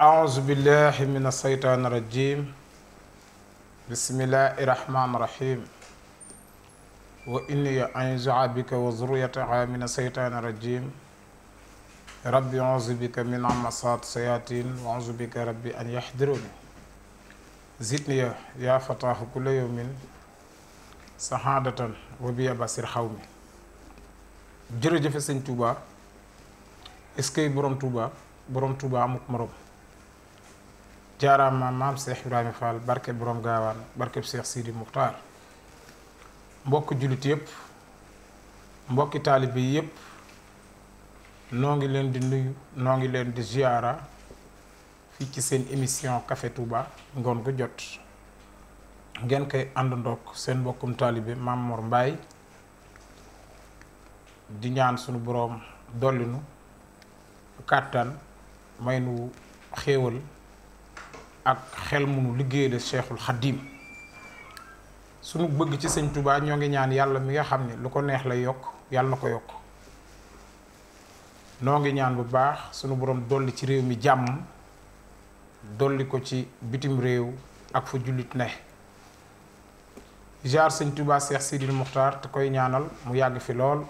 أعوذ بالله من الشيطان الرجيم بسم الله الرحمن الرحيم وإني أنزع بك وزرية من الشيطان الرجيم ربي أعوذ بك من عمصات سياتين وأعوذ بك ربي أن يحضروني زدني يا فتاه كل يوم سعادة وبيا بصير خومي jërëjëfe sëñ Touba est-ce que borom Touba borom Touba amut morom jaaraama maam Cheikh Ibrahima Fall barke borom gaawaan barke Cheikh Sidi Muxtaar mbokk jullit yëpp mbokki taalibe noo ngi di nuyu noo ngi di ziara ci émission Café Touba jot di ñaan sunu boroom dollinu kàttan may nu xéewal ak xel mu nu seexul Cheikhul Xadim sunu bëgg ci sëñ tubaa ñoo ngi ñaan yàlla mi nga xam ne lu ko neex la yokk yàlla na ko yokk noo ngi ñaan bu baax sunu boroom dolli ci réew mi jàmm dolli ko ci bitim réew ak fu jullit ne jaar sëñ Touba Cheikh Sidil Muxtaar te koy ñaanal mu yàgg fi lool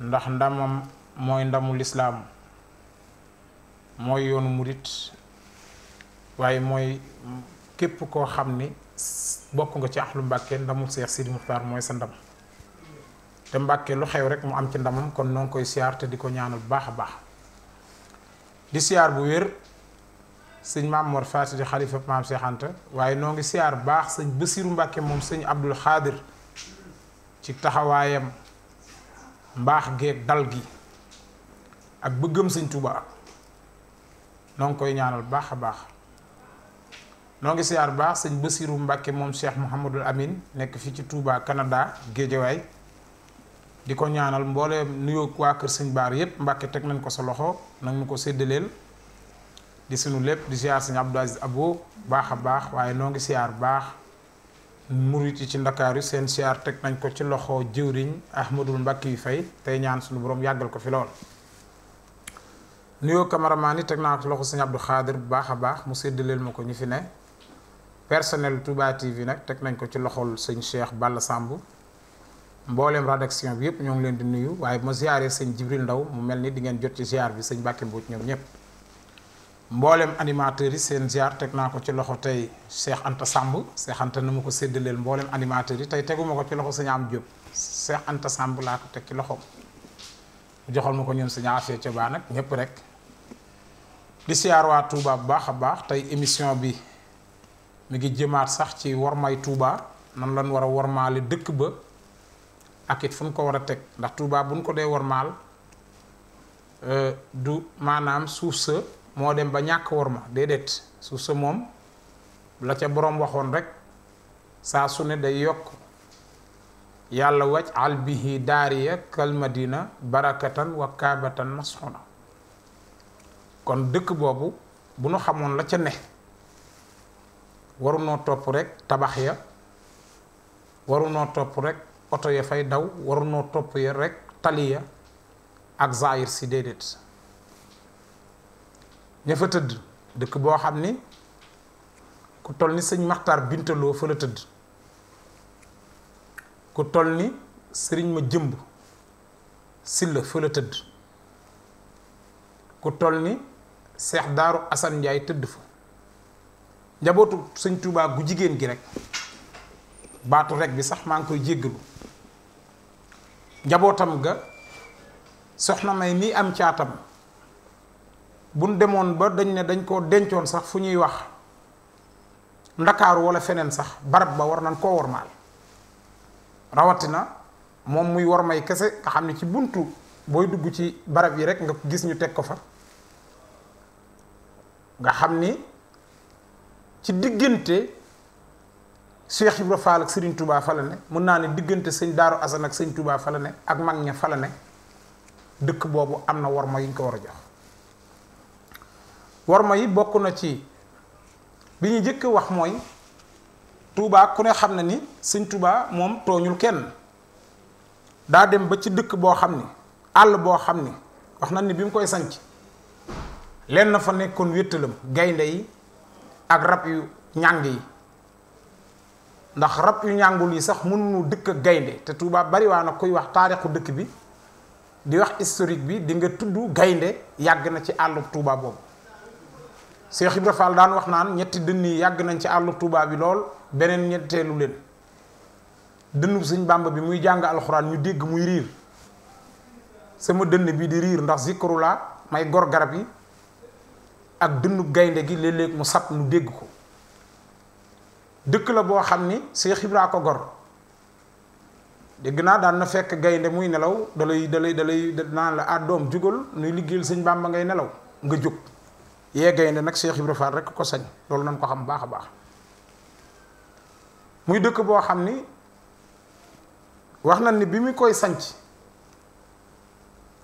ndax ndamam mooy ndamu lislaam mooy yoonu murit waaye mooy képp koo xam ni bokk nga ci axlu mbàkke ndamul seex sidi muxtaar mooy sa ndam te mbàkke lu xew rek mu am ci ndamam kon noo ngi koy siyaar te di ko ñaanal baax a di siyaar bu wér sëñ maam mor faati di xalifa maam seex anta waaye noo ngi siyaar baax sëñ basiru mbàkke moom sëñ abdul xaadir ci taxawaayam mbaax geeg dal gi ak bëggam sëñ Tuubaa noo ngi koy ñaanal baax a baax noo ngi siyaar baax sëñ basiru mbakke moom Cheikh Mouhamadul Amin nekk fii ci Touba Canada Géejawaay di ko ñaanal mboole nuyoo waa kër sëñ Baar yépp mbakke teg nañ ko sa loxo nag ñu ko séddaleel di sunu lépp di siyaar sëñ Abdou Aziz Abo baax a baax waaye noo ngi siyaar baax murid ci dakar yu sen ciar tek nañ ko ci loxo jiwriñ ahmadul mbàkki fay tay ñaan suñu borom yagal ko fi lool nuyo cameraman yi teg ko loxo sëñ Abdou Khadir bu baax baax mu seddelel mako ñu fi ne personnel Touba TV nak tek nañ ko ci loxol sëñ Cheikh Balla sambu mbollem redaction bi yep ñong leen di nuyu waye ma ziaré Jibril Ndaw mu melni di ngeen jot ci ziar bi sëñ Mbàkke mbout ñom ñep mbollem animateur yi sen ziar teg naa ko ci loxo tay Cheikh Anta Samb Cheikh Anta na ko seddelel mbollem animateur yi tay teguma ko ci loxo seigne Am Diop Cheikh Anta Samb laa ko tek ci loxo joxal mako ñun seigne sëñ ci ba nak ñep rek di ziar wa Touba bu baakha baax tay émission bi mi ngi jëmaat sax ci may Touba nan lan war a dekk ba akit fuñ ko wara tek ndax Touba euh, du manam suuf moo dem ba ñàkk war ma déedéet su sa moom la ca boroom waxoon rek saa su ne day yokk yàlla wàcc al bihi daariya kalmadina barakatan wa kaabatan masxuna kon dëkk boobu bu nu xamoon la ca ne warunoo topp rek tabax ya warunoo topp rek oto ya fay daw warunoo topp ya rek tali ya ak zaayir si déedéet ña tëdd dëkk boo xam ni ku toll ni sëñ Maxtaar Bintaloo fa la tëdd ku toll ni sëriñ ma jëmb Silla fa la tëdd ku toll ni Seex Daaru Asan Njaay tëdd fa njabootu sëñ Tuubaa gu jigéen gi rek baatu rek bi sax maa ngi koy jéggalu njabootam ga soxna may ni am caatam buñ demoon ba dañ ne dañ koo dencoon sax fu ñuy wax ndakaaru wala feneen sax barab ba war nañ koo wormaal rawatina moom muy wormay kese nga xam ne ci buntu booy dugg ci barab yi rek nga gis ñu teg ko fa nga xam ni ci diggante Cheikh Ibra Fall ak Serigne Touba fa ne mën naa ne diggante sëñ Daaru Asan ak sëñ Touba fa ne ak mag ña fa ne dëkk boobu am na worma yu ñu ko war a jox. warma yi bokk na ci bi ñu njëkk wax mooy tuubaa ku ne xam na ni sëñ Touba moom tooñul kenn daa dem ba ci dëkk boo xam ni àll boo xam ni wax na ni bi mu koy sanc lenn na fa nekkoon wéttalam gaynde yi ak rab yu ñàng yi ndax rab yu ñàngul yi sax mënuñu dëkk gaynde te Touba bari waa na kuy wax taarixu dëkk bi di wax historique bi di nga tudd gaynde yàgg na ci àll Touba boobu Cheikh Ibra Fall daan wax naan ñetti dënn yi yàgg nañ ci àllu Touba bi lool beneen ñetteelu leen dënnu sëñ Bàmba bi muy jàng alxuraan ñu dégg muy riir sama dënn bi di riir ndax zikru laa may gor garab yi ak dënnu gaynde gi léeg-léeg mu sab nu dégg ko dëkk la boo xam ni Cheikh Ibra ko gor dégg naa daan na fekk gaynde muy nelaw dalay dalay dalay naan la adom ah, jugal nuy liggéeyal sëñ Bàmba ngay nelaw nga jóg yeggay ne nak Cheikh Ibra Fall rek ko sañ lolou nañ ko xam baaxa baax muy dëkk boo xam ni wax nañ ni bi mu koy sanc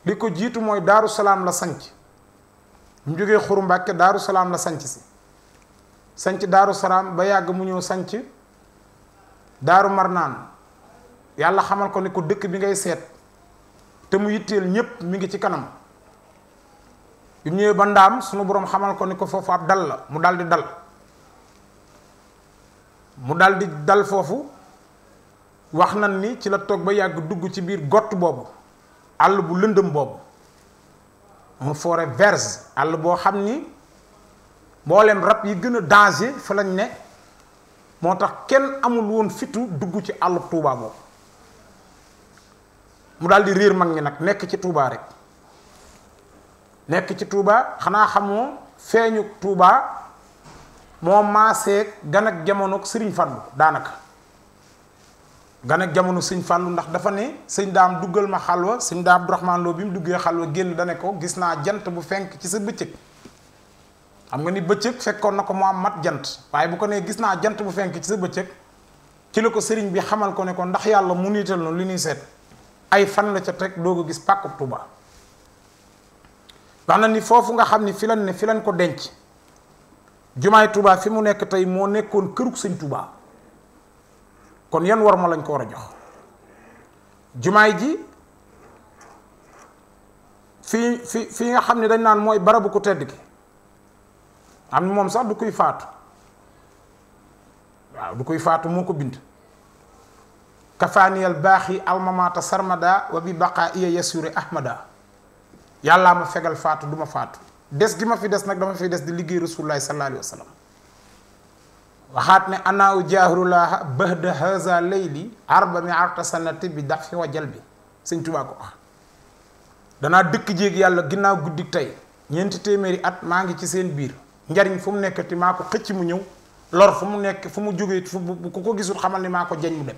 li ko jiitu mooy daaru salaam la sanc mu jógee xuru mbàkke daaru salaam la sanc si sanc daru salam ba yàgg mu ñëw sanc daaru marnaan yàlla xamal ko ni ko dëkk bi ngay seet te mu yitteel mi ngi ci kanam bi mu bandam, ba ndaam sunu borom xamal ko ni ko fofu ab dal la mu daldi dal mu daldi dal fofu wax nan ni ci la tok ba yag dugg ci bir gott bobu all bu lëndëm bobu mu forêt verse all bo xamni ni rap yi gëna danger fa lañ ne motax kenn amul woon fitu dugg ci all touba boobu mu daldi rir mag ni nak nek ci touba rek nek ci Touba xana xamoo feñu Touba moo maaseeg gan ak jamonoog Serigne Ganek danaka gan ak jamono Serigne fallu ndax dafa ne serigne dam duggal ma xalwa serigne dam abdourahman Lo bim duggé xalwa genn dané ko gis na jant bu fenk ci sa beccëk xam nga ni beccëk fekkon nako mo am mat jant waye bu ko nee gis na jant bu fenk ci sa beccëk ci lako ko bi xamal ko ne ko ndax yalla mu niital noonu li ñuy ay fan la ca tek gis pak Touba dana ni fofu nga xamni ni fi lan ne fi lan ko denc jumaa tuba fi mu nek tay mo nekkon keuruk seigne tuba kon yan war lañ ko wara jox jumaa ji fi fi fi nga xamni dañ nan moy barabu ko tedd gi am mom sax du koy faatu wa du koy faatu bind kafani al bahi al mamata sarmada wa bi baqa'i yasuri ahmada yàllaa ma fegal faatu du ma faatu des gi ma fi des nag dama fi des di liggéey rasulullahi sallallahu waxaat ne anaaw jaahirulaha bahda haza layli arba mi arta bi dax fi wajal bi sëñ Tuubaa ko wax danaa dëkk jéeg yàlla ginnaaw guddi tey ñeenti téeméeri at maa ngi ci seen biir njariñ fu mu nekkati maa ko xëcc mu ñëw lor fu mu nekk fu mu jógee fu ku ko gisul xamal ni maa ko jañ mu dem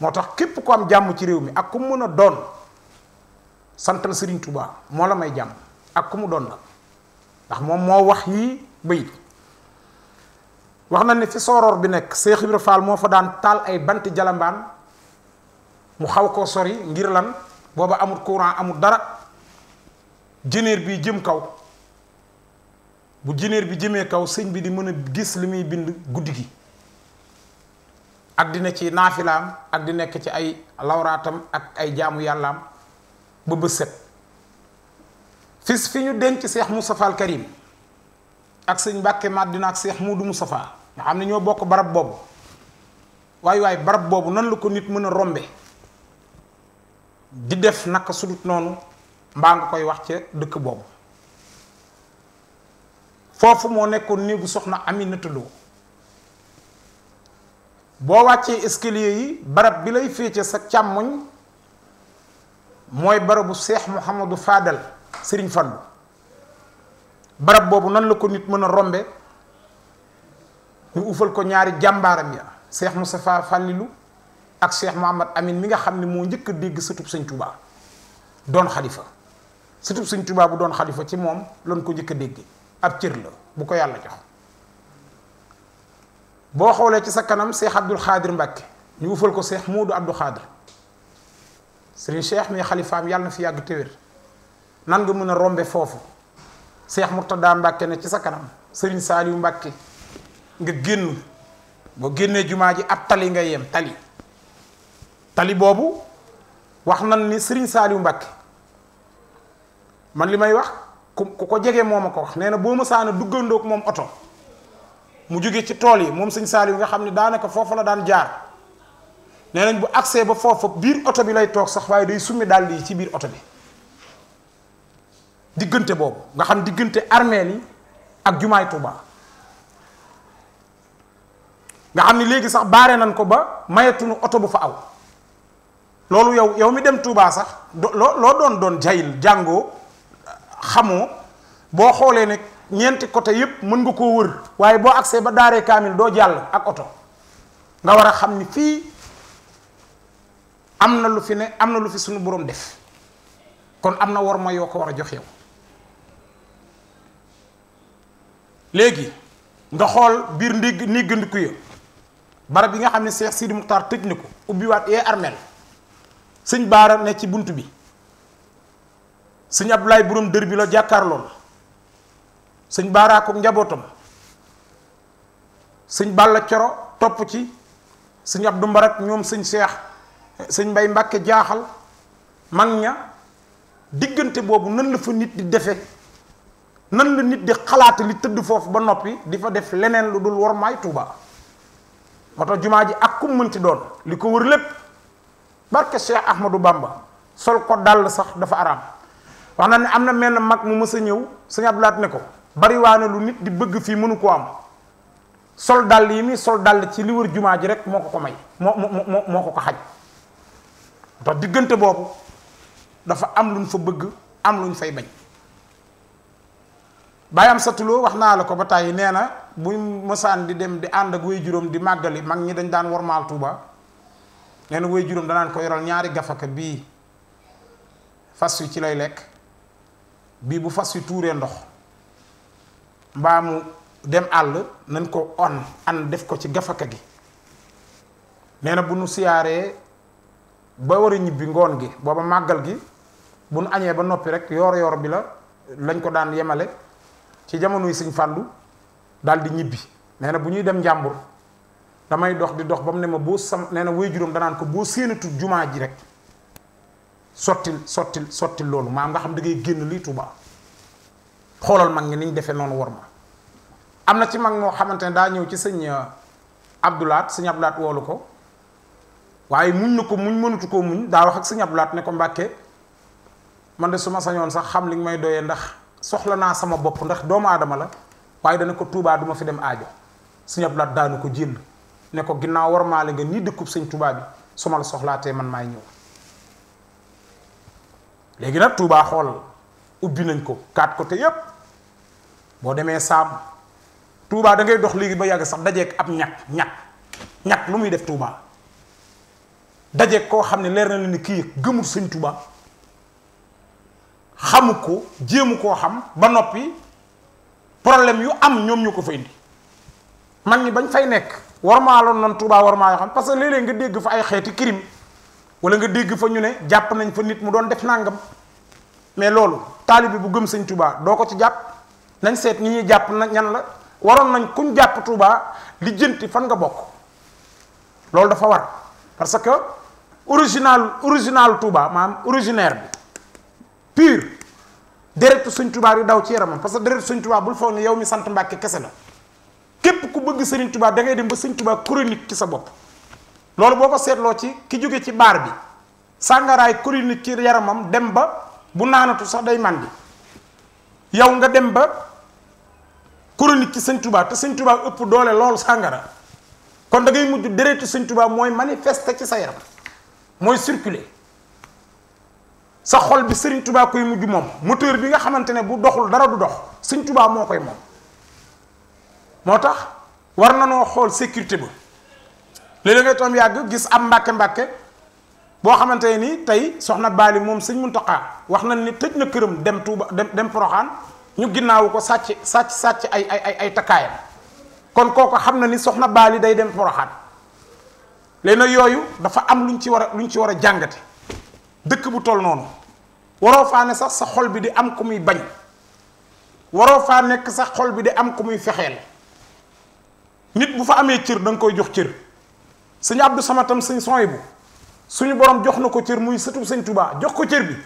moo tax képp ko am jàmm ci réew mi ak ku mën a doon santal sëriñ Touba moo la may jàmm ak ku mu doon la ndax moom moo wax yii bayit wax na ne fi sooroor bi nekk Cheikh Ibra Fall moo fa daan taal ay banti jalambaan mu xaw koo sori ngir lan booba amul courant amul dara jëneer bi jëm kaw bu jëneer bi jëmee kaw sëñ bi di mën a gis li muy bind guddi gi addina ci naafilaam ak di nekk ci ay lawraatam ak ay jaamu yàllaam ba set fis fi ñu denc seex Moustapha al Karim ak sëñ Mbàkke Madina ak seex Muudu Moustapha nga xam ne ñoo bokk barab boobu waaye waaye barab boobu nan la ko nit mën a rombe di def naka sudut noonu mbaa nga koy wax ca dëkk boobu foofu moo nekkoon néegu soxna Aminata Lo boo wàccee escalier yi barab bi lay féete sa càmmoñ moy barabu cheikh Mouhamadou Fadal Serigne Fallou barab bobu nan la ko nit meuna rombe ñu ufal ko ñaari jambaram ya cheikh Moustapha fallilu ak cheikh mohammed Amin mi nga xamni mo ñëk njëkk a dégg sëtub sëñ Touba don khalifa sëtub serigne Touba bu don khalifa ci mom lañ ko ñëk a dégg ab cër la bu ko yàlla jox bo xolé ci sa kanam cheikh Abdul khadir Mbàkke ñu ufal ko cheikh Moodu Abdou khadir sëriñ Cheikh mi xalifaam yàlla na fi yàgg téwér nan nga mën a rombe foofu Cheikh Mourtada Mbàkke ne ci sa kanam sëriñ Saaliyu Mbàkke nga génn boo génnee jumaa ji ab tali nga yem tali tali boobu wax nan ni sëriñ Saaliyu Mbàkke man li may wax ku ko jege moom a ko wax nee na boo ma saana duggandoog moom oto mu jóge ci tool yi moom sëñ Saaliyu nga xam ne daanaka foofu la daan jaar nee nañ bu accès ba foofu biir oto bi lay toog sax waaye day summi dàll yi ci biir oto bi diggante boobu nga xam diggante armeel yi ak jumaay Tuubaa nga xam ni léegi sax baare nañ ko ba mayatuñu oto bu fa aw loolu yow yow mi dem Tuubaa sax loo loo doon doon jayil jàngoo xamoo boo xoolee ne ñeenti côté yépp mën nga koo wër waaye boo agsee ba daaree kaamil doo jàll ak oto nga war a xam ni fii amna lu fi ne amna lu fi sunu borom def kon amna warma war ma yoo ko war jox yow legi nga xol bir ndig néggandiku ya bar bi nga xamni Cheikh Sidi Muxtaar tëj na ko ubbiwaat yee armeel sëñ ne ci buntu bi seigne Abdoulaye borom deur bi jakar lol seigne bara ko njabotam seigne Balla cioro top ci seigne Abdou Mbarak ñom seigne Cheikh sëñ mbay mbàkke jaaxal mag ña diggante boobu nan la fa nit di defe nan la nit di xalaat li tëdd foofu ba noppi di fa def leneen lu dul war may tuuba moo tax jumaa ji ak kum ci doon li ko wër lépp barke cheikh ahmadou bamba sol ko dàll sax dafa araam wax na ne am na menn mag mu mësa ñëw sëñ ne ko lu nit di bëgg fii mënu ko am sol dàll yi mi sol dàll ci li wër jumaa ji rek moo ko may moo ko xaj to diggante boobu dafa am luñ fa bëgg am luñ fay bañ bàyyi am satuloo wax naa la ko ba tàyyi nee na bu mësaan di dem di ànd ak way juróom di màggali mag ñi dañ daan wormaal Tuuba nee na way juróom danaan ko yoral ñaari gafaka bii fas yu ci lay lekk bii bu fas yu tuuree ndox mbaa mu dem àll nañ ko on an def ko ci gafaka gi nee bu nu siyaaree ba war a ñibbi ngoon gi booba màggal gi bu nu añee ba noppi rek yor-yor bi la lañ ko daan yemale ci jamono jamonoy Sëñ Fàllu daal di ñibbi nee na bu ñuy dem njàmbur damay dox di dox ba mu ne ma boo sam nee na way juróom danaan ko boo séenatu jumaa ji rek sottil sottil sotti loolu maam nga xam da génn lii Tuuba xoolal mag ngi niñ defee noonu wor ma am na ci mag moo xamante ne daa ñëw ci sëñ euh, abdulaat sëñ Abdoulaat woolu ko waye muñ nako muñ mënutu ko muñ da wax ak señ abdoulat ne ko mbacké man de suma sañon sax xam li nga may doyee ndax soxla na sama bop ndax doom aadama la waye dana ko Touba duma fi dem aajo señ abdoulat da nako ko ne ko ginnaaw war maale nga nii dëkkub señ Touba bi tuba. la soxla soxlaatee man may ñew léegi nak Touba xol ubbi nañ ko kat ko yépp bo démé sam Touba da ngay dox ba yag sax ak ab ñak ñak ñak lu muy def Touba daje koo xam ne leer na la ni gëmul sëñ tuba hamu ko jéemu koo xam ba noppi problème yu am nyom ñu ko fa indi mag ñi bañ fay nekk warmaaloon nan tuba warmaa yoo xam parce que léeg-léeg nga dégg fa ay xeeti crime wala nga dégg fa ñu ne jàpp nañ fa nit mu doon def nangam mais loolu taalibe bu gëm sëñ tuba do ko ci jàpp nañ seet ni ñuy na ñan la waroon nañ kuñ jàpp tuba li jënti fan nga bok loolu dafa war parce que original original Touba maanaam originaire bi pur déretu suñ Touba yu daw ci yaramam parce que déretu suñ bul foog ne yow mi sant Mbàkke kese la képp ku bëgg Sëriñ Touba da ngay dem ba Sëriñ Touba chronique ci sa bopp loolu boo ko seetloo ci ki jóge ci baar bi sàngaraay chronique ci yaramam dem ba bu naanatu sax day màndi yow nga dem ba chronique ci Sëriñ Touba te Sëriñ Touba ëpp doole loolu sàngara kon da ngay mujj direct Sëriñ Touba mooy manifester ci sa yaram mooy circuler sa xol bi sëriñ Touba koy mujj moom moteur bi nga xamante ne bu doxul dara du dox sëñ Touba moo koy moom moo tax war na noo xool sécurité ba léeg-léeg ngay toom yàgg gis am mbàkke mbàkke boo xamante ne ni tey soxna Baali moom sëñ Muntaxa wax nañ ni tëj na këram dem Touba dem dem Poroxaan ñu ginnaawu ko sàcc sàcc sàcc ay ay ay takkaayam kon kooku xam na ni soxna Baali day dem Poroxaan léegi nag yooyu dafa am luñ ci war a luñ ci war a jàngate dëkk bu toll noonu waroo faa ne sax sa xol bi di am ku muy bañ waroo fa nekk sax xol bi di am ku muy fexeel nit bu fa amee cër da koy jox cër sëñ Abdou sama tam sëñ sony bu suñu borom jox na ko cër muy sëtu sëñ Touba jox ko cër bi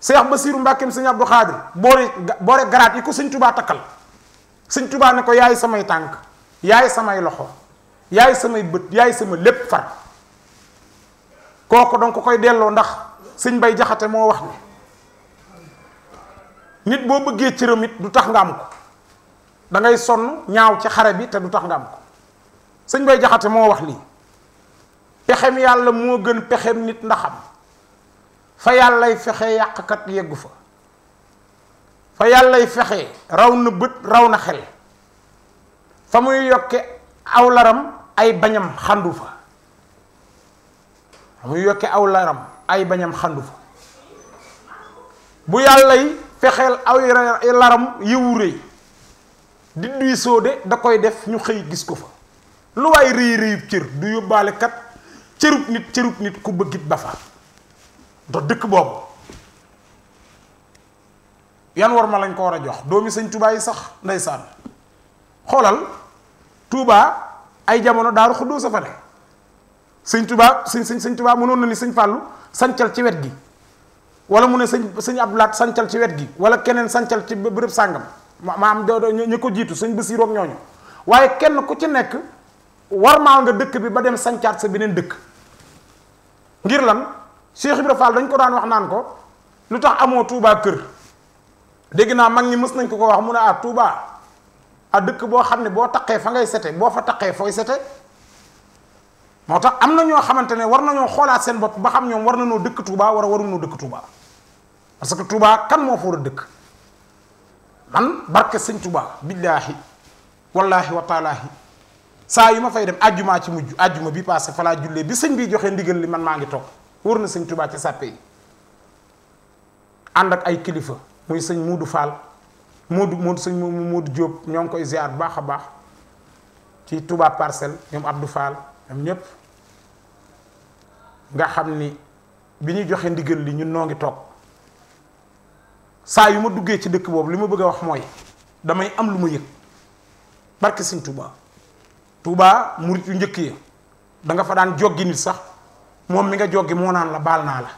Seex Basiiru Mbàkkeem sëñ Abdou Xaadir boore boore garaat yi ko sëñ Touba takkal sëñ Touba ne ko yaay samay tànk yaay samay loxo yaay sama beut yaay sama lepp fa koko donc ko koy delo ndax seigne bay jaxate mo wax ni nit bo beugé ci remit du tax nga am ko da ngay sonn ñaaw ci xare bi te du tax nga am ko seigne bay jaxate mo wax lii pexem yalla mo gën pexem nit ndaxam fa fexé fexe kat yeggu fa fa yalla fexé raw na bët raw na xel fa muy yokke awlaram ay bañam xandu fa mu yoké aw laram ay bañam xandu fa bu yalla yi fexel aw laram yi wuré di duy soode da koy def ñu xey gis ko fa lu way rëy rëyub cër du yobale kat cërub nit cërub nit ku bëggit ba fa do dëkk bob yan war ma lañ ko wara jox doomi sëñ touba yi sax ndaysan xolal touba ay jamono daaru xuddoo sa fa ne sëñ tubaa sëñ sëñ sëñ tubaa mënoon na ni sëñ fàllu sancal ci wet gi wala mu ne sëñ sëñ laat sancal ci wet gi wala keneen sancal ci bërëb sàngam maam doo ñu ko jiitu sëñ basiiru ak ñooñu waaye kenn ku ci nekk war maal nga dëkk bi ba dem sancaat sa beneen dëkk ngir lan Cheikh Ibra Fall dañ ko daan wax naan ko lu tax amoo Touba kër dégg naa mag ñi mës nañ ko ko wax mu ne ah Touba a dëkk boo xam ne boo taqee fa ngay sete boo fa taxee fooy sete moo tax am na ñoo xamante ne war nañoo xoolaat seen bopp ba xam ñoom war nañoo dëkk Touba war a waruñoo dëkk Touba parce que Touba kan moo fa war a dëkk man barke sëñ Touba billaahi wallaahi wa taalaahi saa yu ma fay dem ajjuma ci mujj àjjuma bi passé fa laa jullee bi sëñ bi joxe ndigal li man maa ngi toog wóor na sëñ Touba ci sàppe yi ànd ak ay kilifa muy sëñ Muudu Fall Modou Modou sëñ Modou jóob ñoo ngi koy ziar bu baax a baax ci tubaab Parcelles ñoom Abdou Fall ñoom ñëpp nga xam ni bi ñu joxe ndigal li ñun noo ngi toog saa yu ma duggee ci dëkk boobu li ma bëgg a wax mooy damay am lu ma yëg barke sëñ Touba Touba murit yu njëkk yi danga nga fa daan joggi nit sax moom mi nga joggi moo naan la baal naa la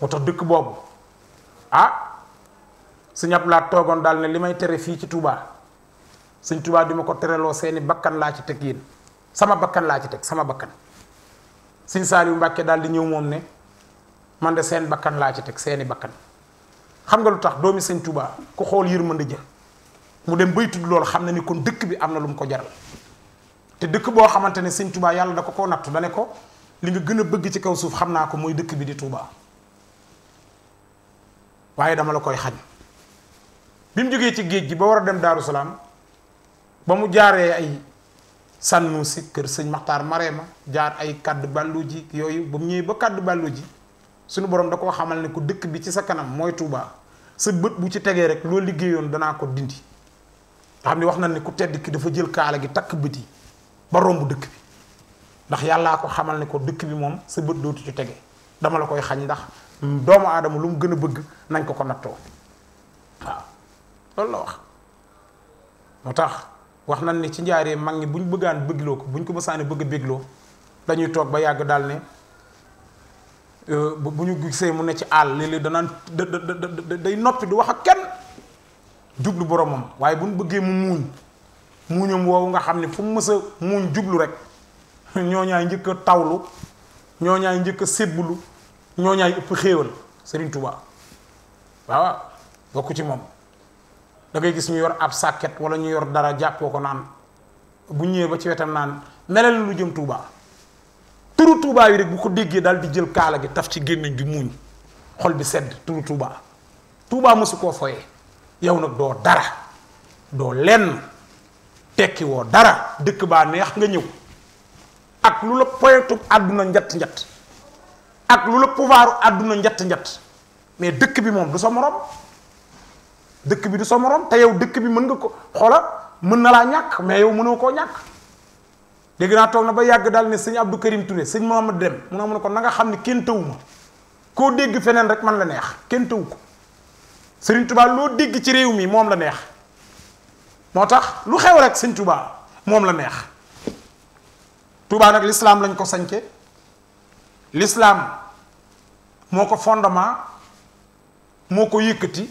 moo tax dëkk boobu ah, seigne Abdou togon dal ne limay téré fi ci Touba seigne Touba ko téré lo seeni bakkan la ci tek yeen sama bakkan la ci tek sama bakkan seigne Saliou Mbacke dal di ñew mom ne man de seen bakkan la ci tek seeni bakkan xam nga lutax tax doomi sëñ Touba ku xool yërmande ja mu dem bay tud loolu xam na ni kon dëkk bi amna lu mu ko jaral te dëkk bo xamantene seigne Touba yalla da ko ko nattu dané ko li nga gëna bëgg ci kaw suuf xam ko moy dëkk bi di Touba waye dama la koy bi mu jógee ci géej gi ba war a dem Daaru Salaam ba mu jaaree ay sànnu si kër sëñ Maxtaar Mareema jaar ay kàdd bàllu yooyu ba mu ñëwee ba kàdd bàllu ji suñu boroom da koo xamal ne ko dëkk bi ci sa kanam mooy Touba sa bët bu ci tegee rek loo liggéeyoon danaa ko dindi nga xam ne wax nañ ne ku tedd ki dafa jël kaala gi takk bët yi ba romb dëkk bi ndax yàllaa ko xamal ne ko dëkk bi moom sa bët dootu ci tege dama la koy xañ ndax doomu aadama lu mu gën a bëgg nañ ko ko nattoo waaw lol la wax motax wax nan ni ci njaaree magni buñ bëggaan bëggloo ko buñ ko mësaane bëgg bégloo dañuy tok ba yag dal ne euh buñu gisee mu ne ci àll léeg-léeg danaan day noppi du wax ak kenn djublu boromam waye buñ bëgge mu muñ muñum woowu nga xamni fu mësa muñ djublu rek ñoñay ñëk tawlu ñoñay ñëk a ñoñay upp xewal Serigne Touba waaw bokku ci mom da ngay gis ñu yor ab sàkket wala ñu yor dara jàppoo ko naan bu ñëwee ba ci wetam naan melal lu jëm tuuba turu Touba yi rek bu ko déggee daal di jël kaala gi taf ci génnañ bi muuñ xol bi sedd turu tuuba Touba mosu koo foyee yow nag doo dara doo lenn tekki woo dara dëkk baa neex nga ñëw ak lu la poyetub àdduna njatt njatt ak lu la pouvoiru àdduna njatt njatt mais dëkk bi moom du sa morom dëkk bi du sa moroom te yow dëkk bi mën nga ko xoola mën na laa ñàkk mais yow mënoo koo ñàkk dégg naa toog na ba yàgg daal ne sëñ Abdou Karim Touré sëñ Mohamed Dem mu ne ko na xam ne kenn tëwu ma koo dégg feneen rek man la neex kenn tëwu ko sëriñ tubaa loo dégg ci réew mi moom la neex moo tax lu xew rek sëñ Touba moom la neex tubaa nag lislaam lañ ko sañce lislaam moo ko fondement moo ko yëkkati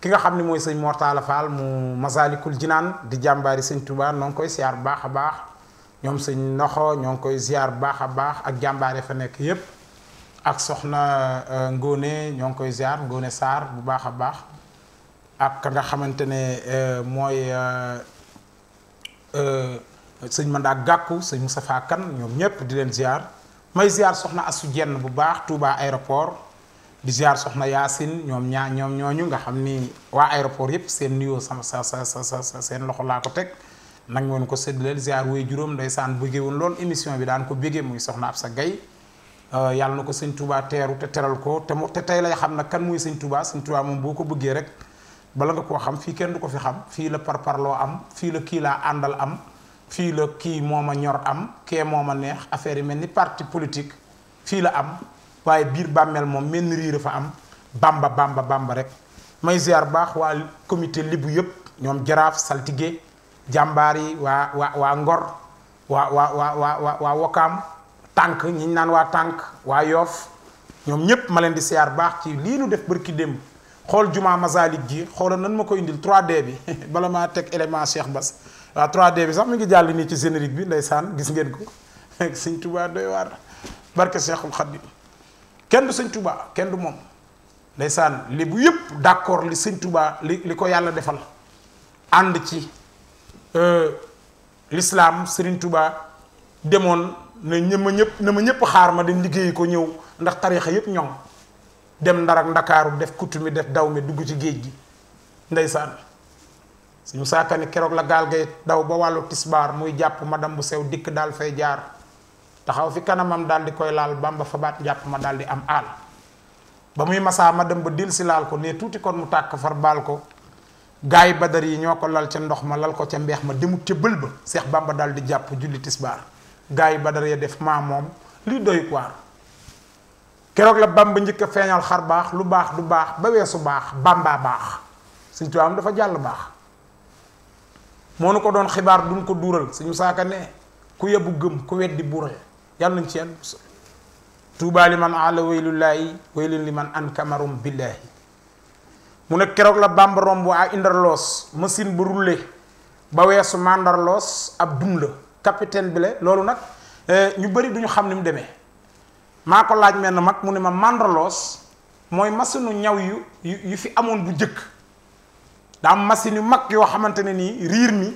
ki nga xam ne mooy sëñ Mortala Fall mu Masalikul Jinaan di jàmbaari sëñ Touba noo ngi koy ziar bu baax a baax ñoom sëñ Noxo ñoo ngi koy ziar bu baax a baax ak jàmbaare fa nekk yépp ak soxna euh, Ngone ñoo ngi koy ziar Ngone Sarr bu baax a baax ak ka nga xamante ne euh, mooy euh, sëñ Manda Gàkku sëñ Moustapha Kan ñoom ñëpp di leen ziar may ziar soxna Asu Jenn bu baax Touba aéroport. di ziar soxna yaasin ñoom ñaa ñoom ñooñu nga xam ni waa aéroport yëpp seen nuyoo sama sa sa sa seen loxo laa ko teg nag woon ko séddaleel ziar way juróom ndeysaan bëggee woon lool émission bi daan ko bëggee muy soxna ab sa gay euh, yàlla na ko sëñ Touba teeru te teral ko te mu te tey lay xam nag kan muy sëñ Touba sëñ Touba moom boo ko rek bala nga koo xam fii kenn du ko fi xam fii la parparloo am fii la kii laa àndal am fii la kii moo ñor am kee moo ma neex affaire yi mel parti politique fii la am waaye bir bammel mom menn riir fa am bamba bamba bamba rek may ziar bax wa comité libu yëpp ñom jaraf saltige jambari wa wa wa ngor wa wa wa wa wa wokkaam tank ñi ñu wa tank wa yof ñom ñoom ñépp ma leen di ziar bax ci li nu def barki dem xol juma masalik ji xol nan mako indil 3D bi bala ma tek element Cheikh Bass wa 3D bi sax mu ngi jall ni ci générique bi ndaysan gis ngeen ko seigne touba doy war barke Cheikhul Khadim kenn du seigne touba kenn du mom ndaysan li bu yep d'accord li seigne touba li liko yalla defal and ci euh l'islam serigne touba demone ne ñema ñep na ma ñep xaar ma dem liggéey ko ñew ndax yep ñong dem ndar ak def kutumi def dawmi dugg ci geej gi ndaysan suñu saakani kérok la gal gay daw ba walu tisbar muy japp madam bu sew dik dal fay jaar taxaw fi kanamam dal di koy laal bamba fabaat japp ma dal di am al ba muy massa ma dem ba dil si laal ko ne tuti kon mu tak far bal ko gaay badar yi ñoko lal ndox ma lal ko ci mbex ma demut ci bël cheikh bamba dal di japp julli tisbar gaay badar ya def ma mom li doy quoi kérok la bamba njëkk feñal subah xar bax lu bax du bax ba weesu bax bamba baax suñ am dafa jall bax moo ko doon xibaar duñ ko dural señu saka ne ku yebu gem ku weddi yàlla nañ ci yàlla musal tuubaa li man ala waylullaahi waylun li man an kamarum billaahi mu ne keroog la bàmba romb ak indarloos machine bu rulle ba weesu màndarloos ab dum la capitaine bi loolu nag eh, ñu bëri duñu xam ni mu demee maa ko laaj mel na mag mu ne ma màndarloos mooy machine ñaw yu yu fi amoon bu jëkk daa am machine yu mag yoo xamante ne nii riir mi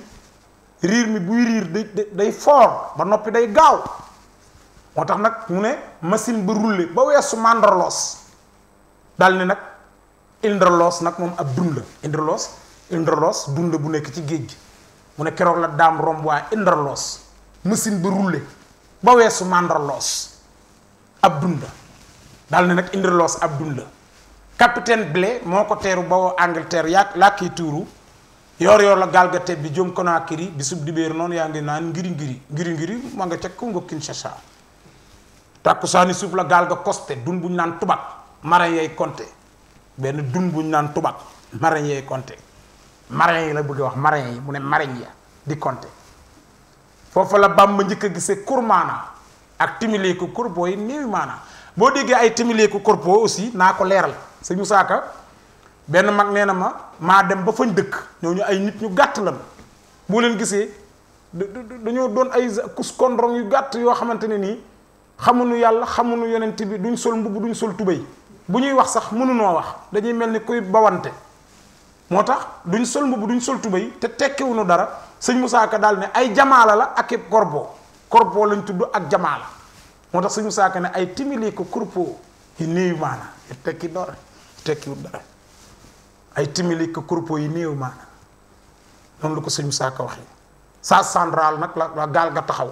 riir mi buy riir day day foor ba noppi day gaaw motax nak mu ne machine bu rouler ba wessu mandorlos dal ne nak indraloos nak mom ab dund la indraloos dund bu nek ci geej mu ne kérok la dam rom waa indraloos machine bu rouler ba wessu mandorlos ab dund dal ne nag ab dund capitaine Blé moko téru ba wo Angleterre la ki touru yor yor la gaal ga teb bi jom Conakry bisub dibeer non ya ngi nan ngiri ngiri ngiri ngiri ma nga ko ngokin chacha tàkkusaani suuf la gaal ga costé dun bu ñu naan tubaab marin yay compté benn dun bu naan tubaab marin yay compté yi la bëgg wax marin yi mu ne marin ya di compté foofa la ma njëkk a gisee maana ak timileeku korpo yi néewi maana boo déggee ay timileeku korpo aussi naa ko leeral sëñ Musaa Ka benn mag nee na ma maa dem ba fañ dëkk ñooñu ay nit ñu gàtt lan boo leen gisee dañoo doon ay kus kondrong yu gàtt yoo xamante ne nii xamuñu yàlla xamuñu yonent bi duñ sol mbubb duñ sol tubéy bu ñuy wax sax mënunoo wax dañuy mel ni kuy bawante moo tax duñ sol mbubb duñ sol tubéy te tekkiwuñu dara sëñ Moussa Ka daal ne ay jamaala la ak i korpo korpo lañ tudd ak jamaala moo tax sëñ Moussa ne ay timili ko kurpo yi néew maana tekki dara tekkiwul dara ay timili ko kurpo yi néew maana noonu la ko sëñ Moussa Ka waxee saa central nag la la gaal nga taxaw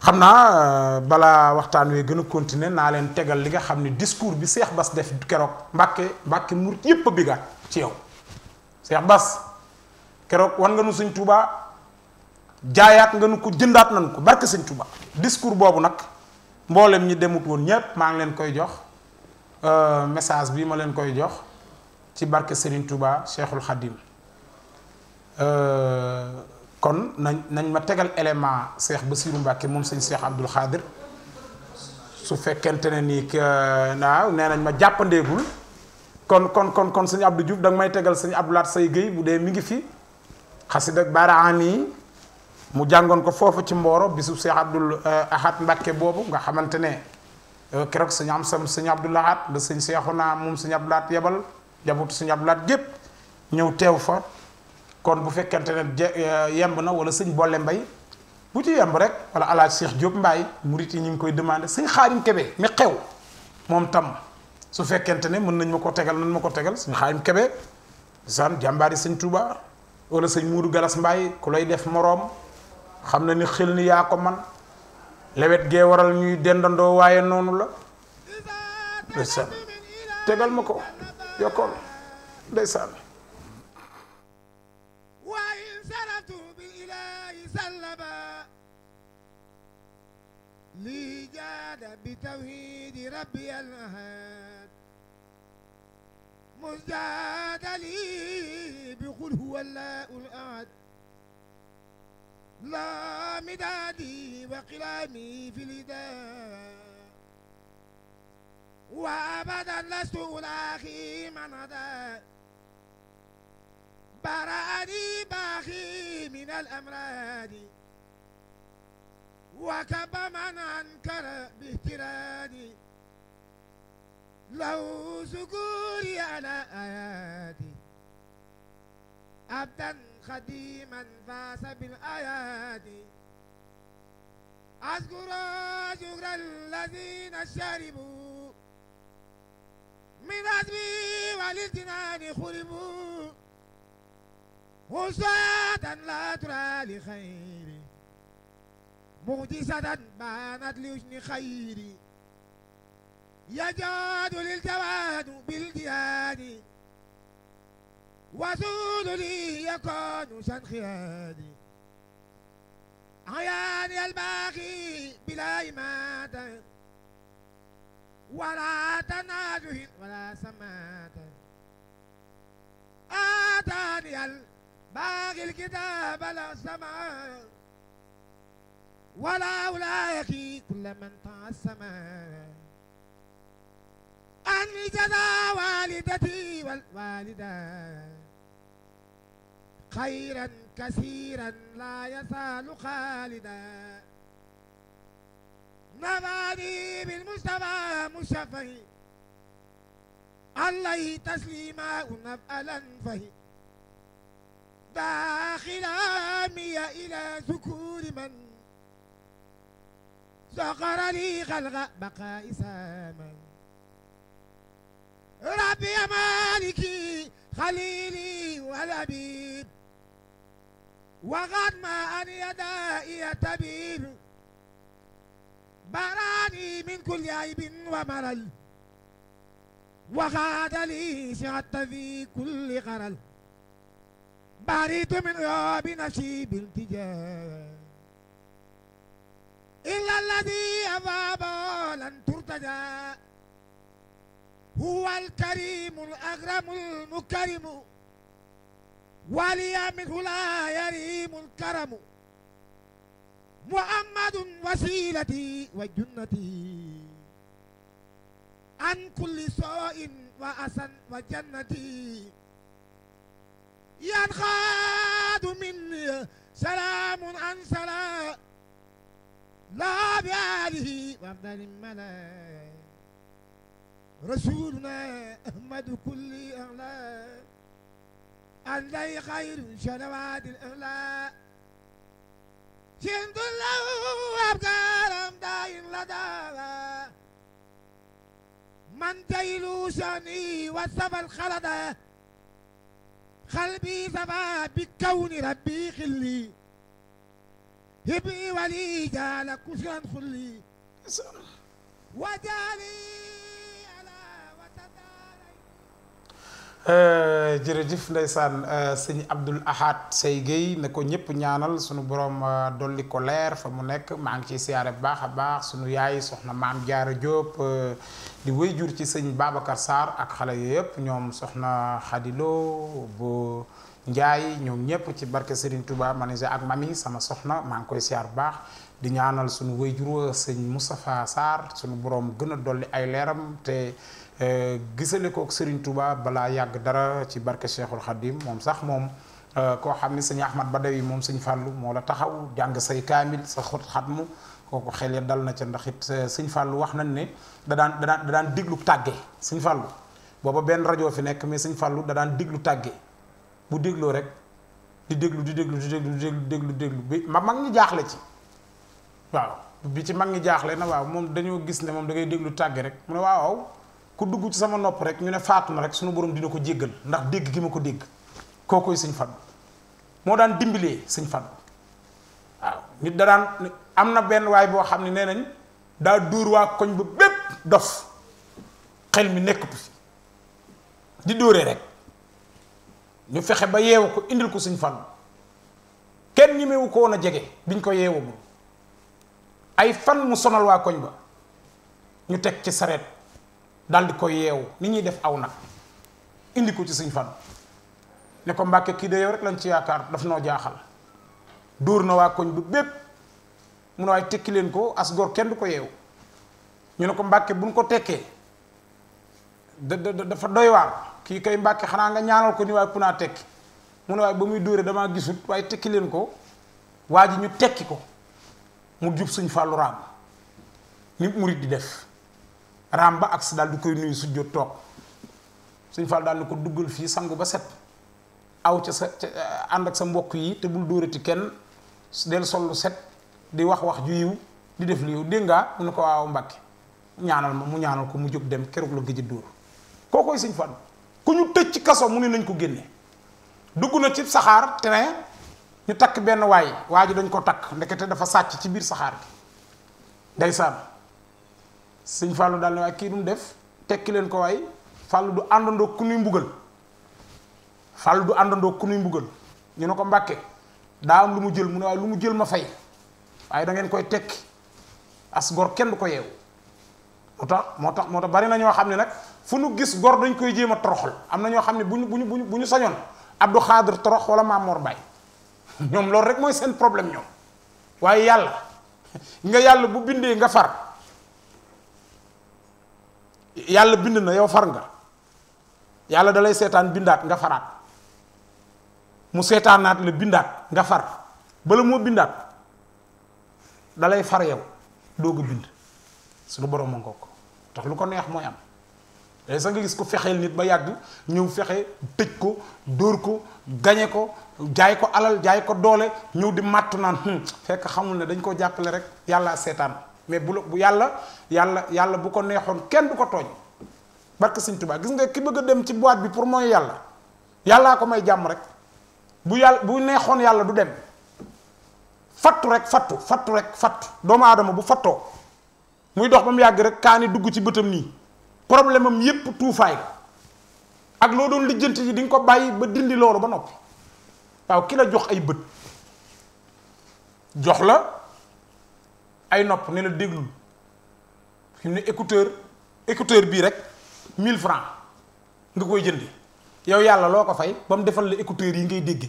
xam naa euh, balaa waxtaan wee gën a continuer naa leen tegal li nga xam ne discours bi Cheikh Bass def keroog Mbàkke Mbàkke murit yëpp a bigaat ci yow Cheikh Bass keroog wan nga nu sëñ Tuubaa jaayaat nga nu ko jëndaat nañ ko barke sëñ Tuubaa discours boobu nag mboolem ñi demut woon ñépp maa ngi leen koy jox euh, message bi ma leen koy jox ci barke Serigne Touba Cheikhul Khadim euh, kon nañ ma tegal élément Cheikh basirou mbake mom sëñ Cheikh Abdoul Khadir su fekkente ne nii naaw nee nañ ma jappandegul kon kon kon kon sëñ Abdou Diouf dag may tegal sëñ Abdou Lat Say Guèye bu mi ngi fi xasida ak baaraan mu jangon ko fofu ci Mboro bisu Cheikh Abdul eh, Ahad mbake bobu nga xamantene kérok eh, keroog am sam sëñ Abdul Ahad de sëñ cheikhuna mom sëñ Abdou Lat jabut jabutu sëñ Abdou Lat gépp fa kon bu fekkente ne eh, yemb na wala sëñ boole Mbay bu ci yemb rek wala alaaj Cheikh Diop Mbaay murit yi ñu ngi koy demandé suñ Xaadim Kebe mi xew moom tam su fekkente ne mën nañ ma ko tegal nañ ma ko tegal sëñ Xaadim Kebe san jàmbaari sëñ Touba wala sëñ Muudu Galas Mbaay ku lay def moroom xam na ni xel ni yaa ko man lewet gee waral ñuy dendandoo waaye noonu la ndeysaan ma ko yokkool لي جاد بتوحيد ربي الأحد مزداد لي بقول هو الله الأحد لا مدادي وقلامي في الإداء وابدا لست ألاقي من هدى برأني باخي من الامراض وكب من أنكر باهترادي لو سكوري على آياتي أبدا خديما فاس بالآيات أذكر شكر الذين شربوا من عزمي والاجتنان خربوا خشاة لا ترى لخير معجزة بانت لوجن خيري يجاد للجواد بالجهاد وزول لي يكون شنخيادي عياني الباقي بلا إماتة ولا تنازه ولا سماتة آتاني الباقي الكتاب لا سماه ولا أولاك كل من تعسم أني جزا والدتي والوالدة خيرا كثيرا لا يزال خالدا نباني بالمجتمع مشفي الله تسليما ونفألا فهي داخل عمي إلى ذكور من سخر لي خلق بقاء ربي يا مالكي خليلي والأبيب وغد ما أن يدائي تبيل براني من كل عيب ومرل وغاد لي شعت في كل غرل بريت من عيوب نشيب التجاه إلا الذي أبابا لن ترتجى هو الكريم الأغرم المكرم ولي منه لا يريم الكرم محمد وسيلتي وجنتي عن كل سوء وأسن وجنتي ينخاد مني سلام عن سلام لا بآله وأفضل الملائكة رسولنا أحمد كل أغلى عندي خير شنوات الأغلى شند الله أبدار داين لدى من تيل شاني وصف الخلد قلبي سما بكون ربي خلي هبي ولي جعل كفرا ndeysaan sëñ Abdoul Ahad Sey Guèye ne ko ñëpp ñaanal sunu borom dolli ko leer fa mu nekk maa ngi ciy siyaare bu baax a baax sunu yaay soxna maam Diarra Diop di wéy jur ci sëñ Babacar Sarr ak xale yooyu yëpp ñoom soxna Xadilo bu Ndiaye ñoom ñëpp ci barke Serigne Touba manager ak mami sama soxna maa ngi koy siyaar bu baax di ñaanal suñu wayjur sëñ Moustapha Sarr suñu borom gën a dolli ay leeram te eh, gisale ko ak Serigne Touba balaa yàgg dara ci barke Cheikhul Khadim moom sax moom eh, koo xam ne sëñ Ahmad Badawi moom sëñ fàllu moo la taxaw jàng say kaamil sa xot mu kooku xel ya dal na ca ndax it eh, sëñ fàllu wax nañ ne da daan da daan diglu tàggee sëñ Fallou booba benn rajo fi nekk mais sëñ Fallou da daan diglu tàggee bu dégloo rek di déglu di déglu di déglu di déglu déglu bi ma mag ñi jaaxle ci waaw bi ci mag ñi jaaxle na waaw moom dañoo gis ne moom da ngay déglu tàgg rek mu ne waaw ku dugg ci sama nopp rek ñu ne faatu na rek sunu borom dina ko jéggal ndax dégg gi ma ko dégg kookoy sëñ Fallu moo daan dimbilee sëñ Fallu waaw nit da daan am na benn waay boo xam ne nee nañ daa dóor waa koñ ba bépp dof xel mi nekk fi di dóoree rek ñu fexe ba yeewu ko indil ko suñ fan kenn ñemewu ko woon a jege biñ ko yeewagul ay fan mu sonal waa koñ ba ñu teg ci sareet dal di ko yeewu ni ñuy def aw nag indi ko ci suñ fan ne ko Mbàkke kii de yow rek lañ ci yaakaar daf noo jaaxal dóor na waa koñ bu bépp mu ne waaye tekki leen ko as kenn du ko yeewu ñu ne ko Mbàkke buñ ko tekkee da dafa doy waal kii kay mbacke xana nga ñaanal ko ni way puna naa tekki mu ne way ba muy dóore dama gisut way tekki len ko waji ñu tekki ko mu ramba suñ fallu ram ni mouride di def ramba ba agsi dal du koy nuyu su jot toog suñ fàllu ko duggal fi sangu ba set aw ci sa eh, ak sa mbokk yi te bul ti kenn del sollu set di wax wax ju yiw di def liw de nga mu ne ko waaw mbacke ñaanal ma mu ñaanal ko mu jup dem keruk lu gëj a dóor kookoy suñ ku ñu tëj ci kaso mu ne nañ ko génne dugg na ci saxaar train ñu takk benn waay waa ji dañ ko takk ndekete dafa sàcc ci biir saxaar gi ndeysaan sëñ Fallou dal ne waaye kii dum def tekki leen ko waay Fallou du àndandoo ku nuy mbugal Fallou du àndandoo ku nuy mbugal ñu ne ko Mbàkke daa am lu mu jël mu ne waaye lu mu jël ma fay waaye dangeen ngeen koy tekki as kenn du ko yeewu moo tax moo tax moo tax bari na ñoo xam ne nag fu nu gis gor dañ koy jema toroxal amna ño xamni buñu buñu buñu sañon Abdou problem torox wala mor bay ñom lool rek moy seen problème ñom waye yalla nga yalla bu bindé nga far yalla bind na yow far nga yalla dalay seetaan bindat nga farat mu seetaanaat le bindat nga far bala mo bindat dalay far yow dogu bind suñu borom a tax lu ko neex mooy am et sax nga gis ko fexeel nit ba yàgg ñëw fexe tëj ko dóor ko gañe ko jaay ko alal jaay ko doole ñëw di màtt naan hmm, fekk xamul ne dañ koo jàppale rek yàlla seetaan mais bu bu yàlla yàlla yàlla bu ko neexoon kenn du ko tooñ barke Sëñ Tuubaa gis nga ki dem ci boîte bi pour mooy yàlla yàllaa ko may jàmm rek bu yàlla bu neexoon yàlla du dem fattu rek fattu fattu rek fattu doomu aadama bu fattoo muy dox ba mu yàgg rek kaani dugg ci bëtam nii problème am yépp tuufaay la ak loo doon lijjanti yi di nga ko bàyyi ba dindi loolu ba noppi waaw ki la jox ay bët jox la ay nopp ne la déglu fi ne écouteur écouteur bii rek 1000 francs nga koy jëndi yow yàlla loo ko fay ba mu defal la écouteur yi ngay dégg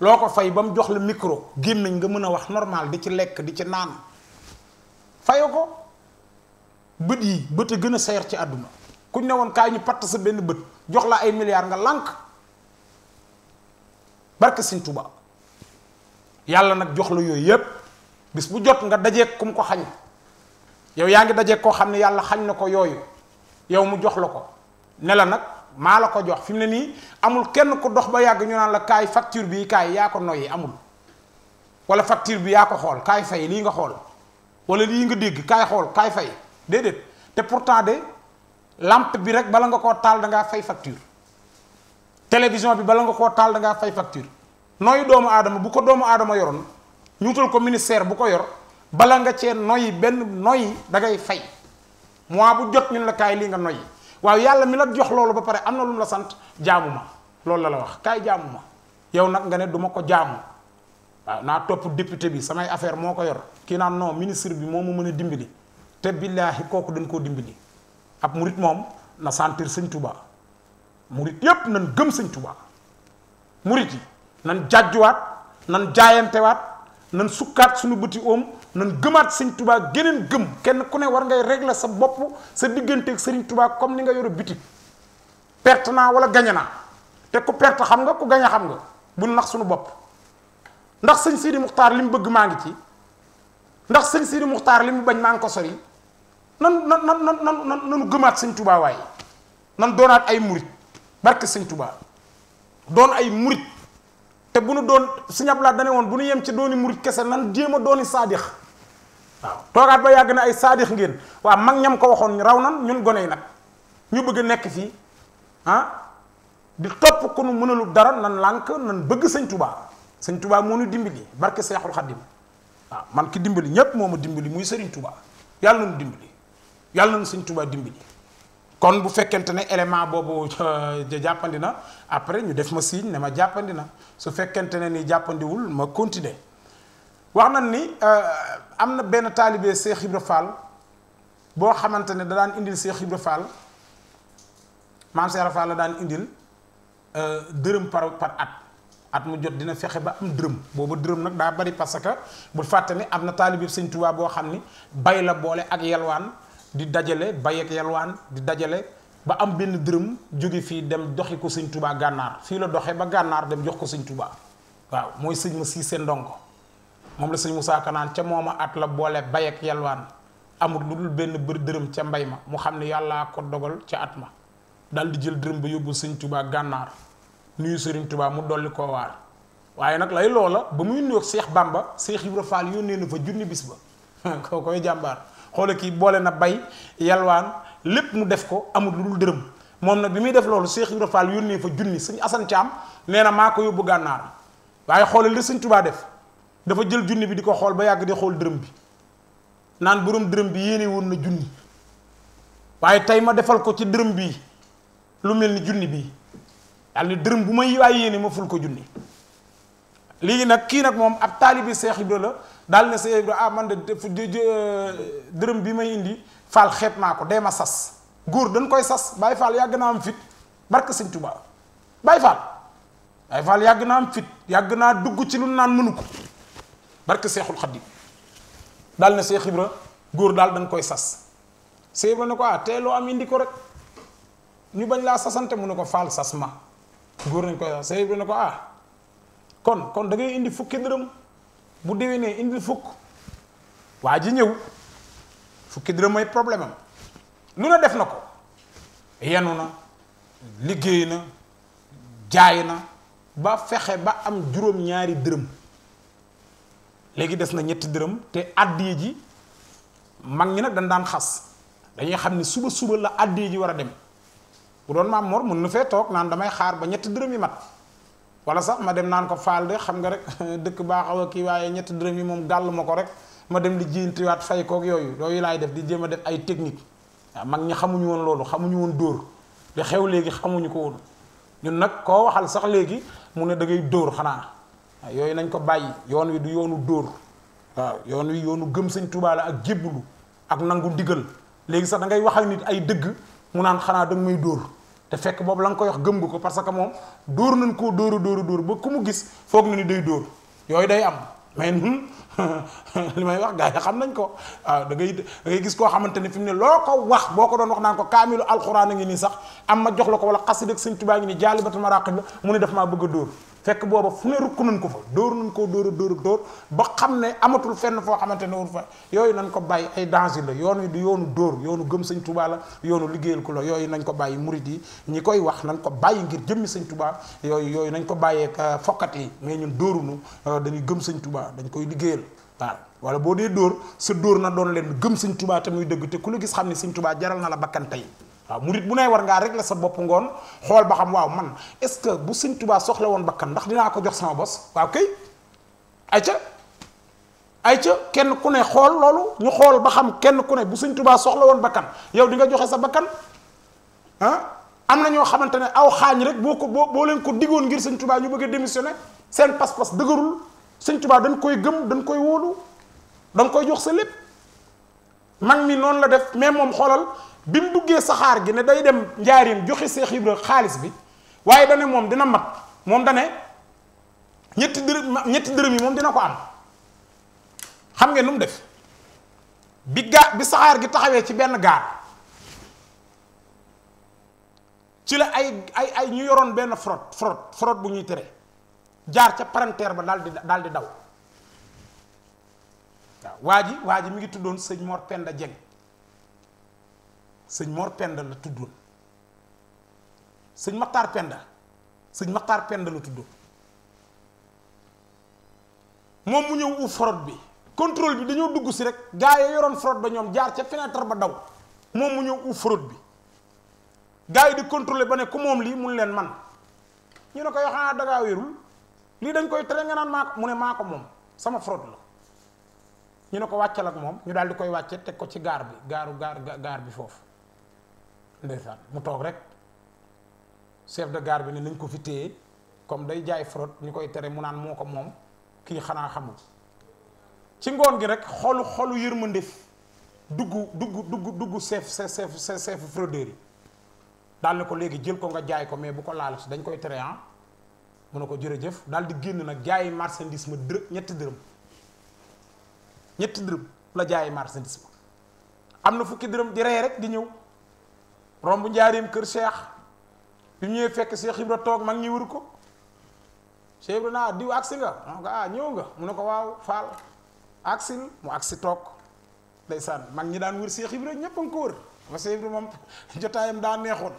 loo ko fay ba mu jox la micro gémmiñ nga mën a wax normal di ci lekk di ci naan fayo ko Budi yi guna a sayer ci aduna kuñ newon kay ñu pat sa benn beut jox la ay milliards nga lank barke seigne tuba yalla nak jox la yoy yeb bis bu jot nga dajeeg kum ko xagn yow yaangi ngi ko xamni yalla xagn nako yoy yow mu jox lako ne la ko jox fimne ni amul kenn ku dox ba yag ñu naan la kaay facture bi kaay ya ko amul wala facture bi ya ko xol kaay fay li nga xol wala li nga deg kaay xol kaay fay dedet te pourtant de lampe bi rek bala nga ko tal da nga fay facture télévision bi bala nga ko tal da nga fay facture noy doomu adama bu ko doomu adama yoron ñu ko ministère bu ko yor bala nga ci noy ben noy da ngay fay mois bu jot ñun la kay li nga noy waaw yalla mi la jox lolu ba pare amna na la sant jaamuma ma la la wax kay jaamuma ma yow nak nga ne duma ko jaamu na top député bi samay affaire moko ko yor ki naan non ministre bi momu meuna dimbali te billahi koku dañ ko dimbali ab murit mom na sentir seigne touba murit yep nan gëm seigne touba murit yi nan jàjjuwaat nan wat nan sukkat suñu buti oom nan gëmaat seigne touba geneen gëm kenn ku ne war ngay régler sa bop sa diggante ak seigne touba comme ni nga bitik perte na wala gagné na. te ku perte xam nga ku gagné xam nga bu nax suñu bop ndax seigne Sidi mukhtar lim mu bëgg ngi ci ndax seigne Sidi mukhtar li bañ ko sori nan nan nan nan nan non non gëmaat sëñ tubaa waaye nan donat ay murit barke sëñ tubaa don ay murit te bu nu doon sëñ Abdou Lahad dane yem ci dooni murit kese nan jéem a dooni saadix waaw toogaat ba yàgg na ay saadix ngeen waaw mag ñam ko waxoon raw nan ñun gone yi nag ñu bëgg nekk fii ah di topp ku nu mënalu dara nan lànk nan bëgg sëñ tubaa sëñ tubaa moo nu dimbali barke seexul xaddim waaw man ki dimbali ñépp moo ma dimbali muy sëriñ tubaa yàlla nu dimbali yàlla na sëñ Tuubaa dimbali kon bu fekkente ne élément boobu euh, jàppandi na après ñu def ma signe ne ma jàppandi na su fekkente ne nii jàppandiwul ma continuer wax nañ ni euh, am na benn taalibe Seex Ibra Fall boo xamante ne da daan indil Seex Ibra Fall maam Seex Ibra la daan indil euh, dërëm par par at at mu jot dina fexe ba am dërëm boobu dërëm nag daa bari parce que bu fàtte am na taalibe Sëñ Tuubaa boo xam ni bay la boole ak yalwaan di dajale bayeek yalwaan di dajale ba am benn dërëm jóge fii dem doxi ko sëñ tubaa gànnaar fii la doxee ba gànnaar dem jox ko sëñ tubaa waaw mooy sëñ ma seen ndongo moom la sëñ Moussa Kanaan ca mooma at la boole bayeek yalwaan amul lu dul benn bër dërëm ca mbay ma mu xam ne yàllaa ko dogal ca at ma dal di jël dërëm ba yóbbu sëñ tubaa gànnaar nuyu sëriñ tubaa mu dolli koo waar waaye nag lay loola ba muy nuyoog Seex Bàmba Seex Ibra Faal yónnee na fa junni bis ba koy jàmbaar xoola kii boole na bay yalwaan lépp mu def ko amul lu dul dërëm moom na bi muy def loolu Cheikh Ibrahima Fall yónnee fa junni suñu Asan Caam nee na maa ko yóbbu gànnaar waaye xoola li Sëñ Tuubaa def dafa jël junni bi di ko xool ba yàgg di xool dërëm bi naan borom dërëm bi yéene woon na junni waaye tey ma defal ko ci dërëm bii lu mel ni junni bii yàlla ni dërëm bu may waaye yéene ma ful ko junni léegi nag kii nag moom ab taalibi Seex Ibra la daal ne Seex Ibra ah man de dërëm bi may indi faal xeet naa ko de ma sas góor dañ koy sas Baay Faal yàgg naa am fit barke Sëñ Tuubaa Baay Faal Baay yàgg naa am fit yàgg naa dugg ci lu naan mënu ko barke Seexul Xadiim daal ne Seex Ibra góor daal dañ koy sas Seex Ibra ne ko ah tey loo am indi ko rek ñu bañ laa sasante mu ne ko faal sas ma góor nañ koy sas Seex Ibra ne ko ah kon kon da ngay indi fukki dërëm bu ne indi fukk waa ji ñëw fukki dërëm mooy problème am lu ne def na ko yenu na liggéey na jaay na ba fexe ba am juróom-ñaari dërëm léegi des na ñetti dërëm te addiya ji mag ñi nag dañ daan xas dañuy xam ne suba suba la addiya ji war a dem bu doon maam Mor mën na fee toog naan damay xaar ba ñetti dërëm yi mat wala sax ma dem naan ko faal de xam nga rek dëkk baa a kii waaye ñetti dërëm yi moom gàll ma ko rek ma dem di jiintiwaat fay kook yooyu yooyu laay def di jéem a def ay technique waaw mag ñi xamuñu woon loolu xamuñu woon dóor di xew léegi xamuñu ko woon ñun nag koo waxal sax léegi mu ne da dóor xanaa yooyu nañ ko bàyyi yoon wi du yoonu dóor waaw yoon wi yoonu gëm sëñ Tuubaa la ak jébbulu ak nangu ndigal léegi sax da ngay wax ak nit ay dëgg mu naan xanaa da nga may te fekk boobu la nga koy wax gëm nga ko parce que moom dóor nañ koo dóoru dóoru dóor ba ku mu gis foog na ni day dóor yooyu day am mais ñun li may wax gars yi xam nañ ko waaw da ngay da ngay gis koo xamante ne fi ne loo ko wax boo ko doon wax naa ko kaamilu alxuraan a ngi nii sax am ma jox la ko wala xasida ak Sëñ Tuubaa ngi nii jaalibatul maraqib la mu ne daf maa bëgg a dóor fekk booba fu ne rukk nañ ko fa dóor nañ koo dóor dóor dóor ba xam ne amatul fenn foo xamante ne wul fa yooyu nañ ko bàyyi ay danger la yoon wi yoonu dóor yoonu gëm sëñ Tuubaa la yoonu liggéeyal ko yooyu nañ ko bàyyi murit yi ñi koy wax nañ ko bàyyi ngir jëmmi sañ Tuubaa yooyu yooyu nañ ko bàyyee fokkat yi mais ñun dóorunu euh, dañuy gëm sëñ Tuubaa dañ koy liggéeyal waaw wala boo dee dóor sa dóor na doon leen gëm sëñ Tuubaa te muy dëgg te ku la gis xam ne sëñ tubaa jaral na la bakkan tey wa ah, murit bu ne war rek la sa bop ngone xol ba xam waaw man est-ce que bu seigne touba soxla won bakkan ndax dina ko jox sama bos waaw kay ay ca kenn ku ne xol loolu ñu xol ba xam kenn ku ne bu seigne touba soxla won bakkan yow di nga joxe sa bakkan ah amna ño xamantene aw xagn rek boko ko len ko digoon ngir seigne touba ñu bëgg démissioner sen pass pas degeerul seigne touba dañ koy gëm dañ koy wolu dañ koy jox sa lepp mag mi non la def mais mom xolal bim duggé saxar gi né day dem njaarim joxé cheikh Ibra khalis bi waaye dañé mom dina mat mom dañé ñetti dërëm ñetti dërëm yi mom dina ko am xam nga num def bi ga bi saxar gi taxawé ci ben gaar ci la ay ay ay ñu yoron ben frot frot frot bu ñuy téré jaar ci parenteer ba daal di daal di daw waaji waaji mi ngi tudon seigne Mor Penda jeng sëñ Mor Penda la tuddoon sëñ Maxtaar Penda sëñ Maxtaar Penda la tuddoon moom mu ñëw uuf forot bi contrôle bi dañoo dugg si rek gaa yi yoroon forot ba ñoom jaar ca fenêtre ba daw moom mu ñëw uuf forot bi gaa yi di contrôler ba ne ku moom lii mun leen man ñu ne ko yoo xanaa dangaa wérul lii dañ koy tere nga naan maa ko mu ne maa ko moom sama forot la ñu ne ko wàccal ak moom ñu daal di koy wàcce teg ko ci gaar bi gaaru gaar gaar bi foofu ndeysaan mu toog rek chef de gare bi ne nañ ko fi téye comme day jaay fraude ñu koy tere mu naan moo ko moom kii xanaa xamul ci ngoon gi rek xolu xolu yërmandef dugg dugg duggu dugg chef chef chef fraudeur yi daal na ko léegi jël ko nga jaay ko mais bu ko laal si dañ koy tere ah mun ne ko jërëjëf daal di génn nag jaayi marchandise ma dërë ñetti dërëm ñetti dërëm la jaayi marchandise ma am na fukki dërëm di rey rek di ñëw romb njaareem kër seex bi mu ñëwee fekk seex Ibra toog mag ñi wër ko seex Ibra naa diw agsi nga ma ah, ñëw nga mu ne ko waaw faal agsi mu agsi toog ndeysaan mag ñi daan wër seex Ibra ñëpp a ko wër ba seex Ibra moom jotaayam daa neexoon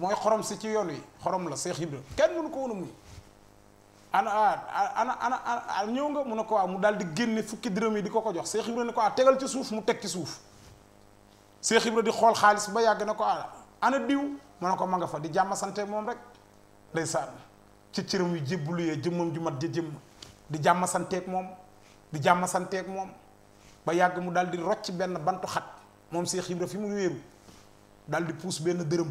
mooy xorom si ci yoon wi xorom la see Ibra kenn mënu ko woon a muñ ana ah, ana ana ana ah, ñëw nga mu ne waaw mu daal di génne fukki dërëm yi di ko ko jox seex Ibra ne ko a tegal ci suuf mu teg ci suuf. Cheikh Ibra di xol xaalis ba yag nako ko ah, ana diw mu ma nga fa di jam sante mom rek ndeysaan ci ciirum yu jébbulu yee ya, ju mat jëm di di sante ak mom di sante ak mom ba yag mu daldi di rocc ben bantu khat mom Cheikh Ibra fi mu wëru daldi di ben deureum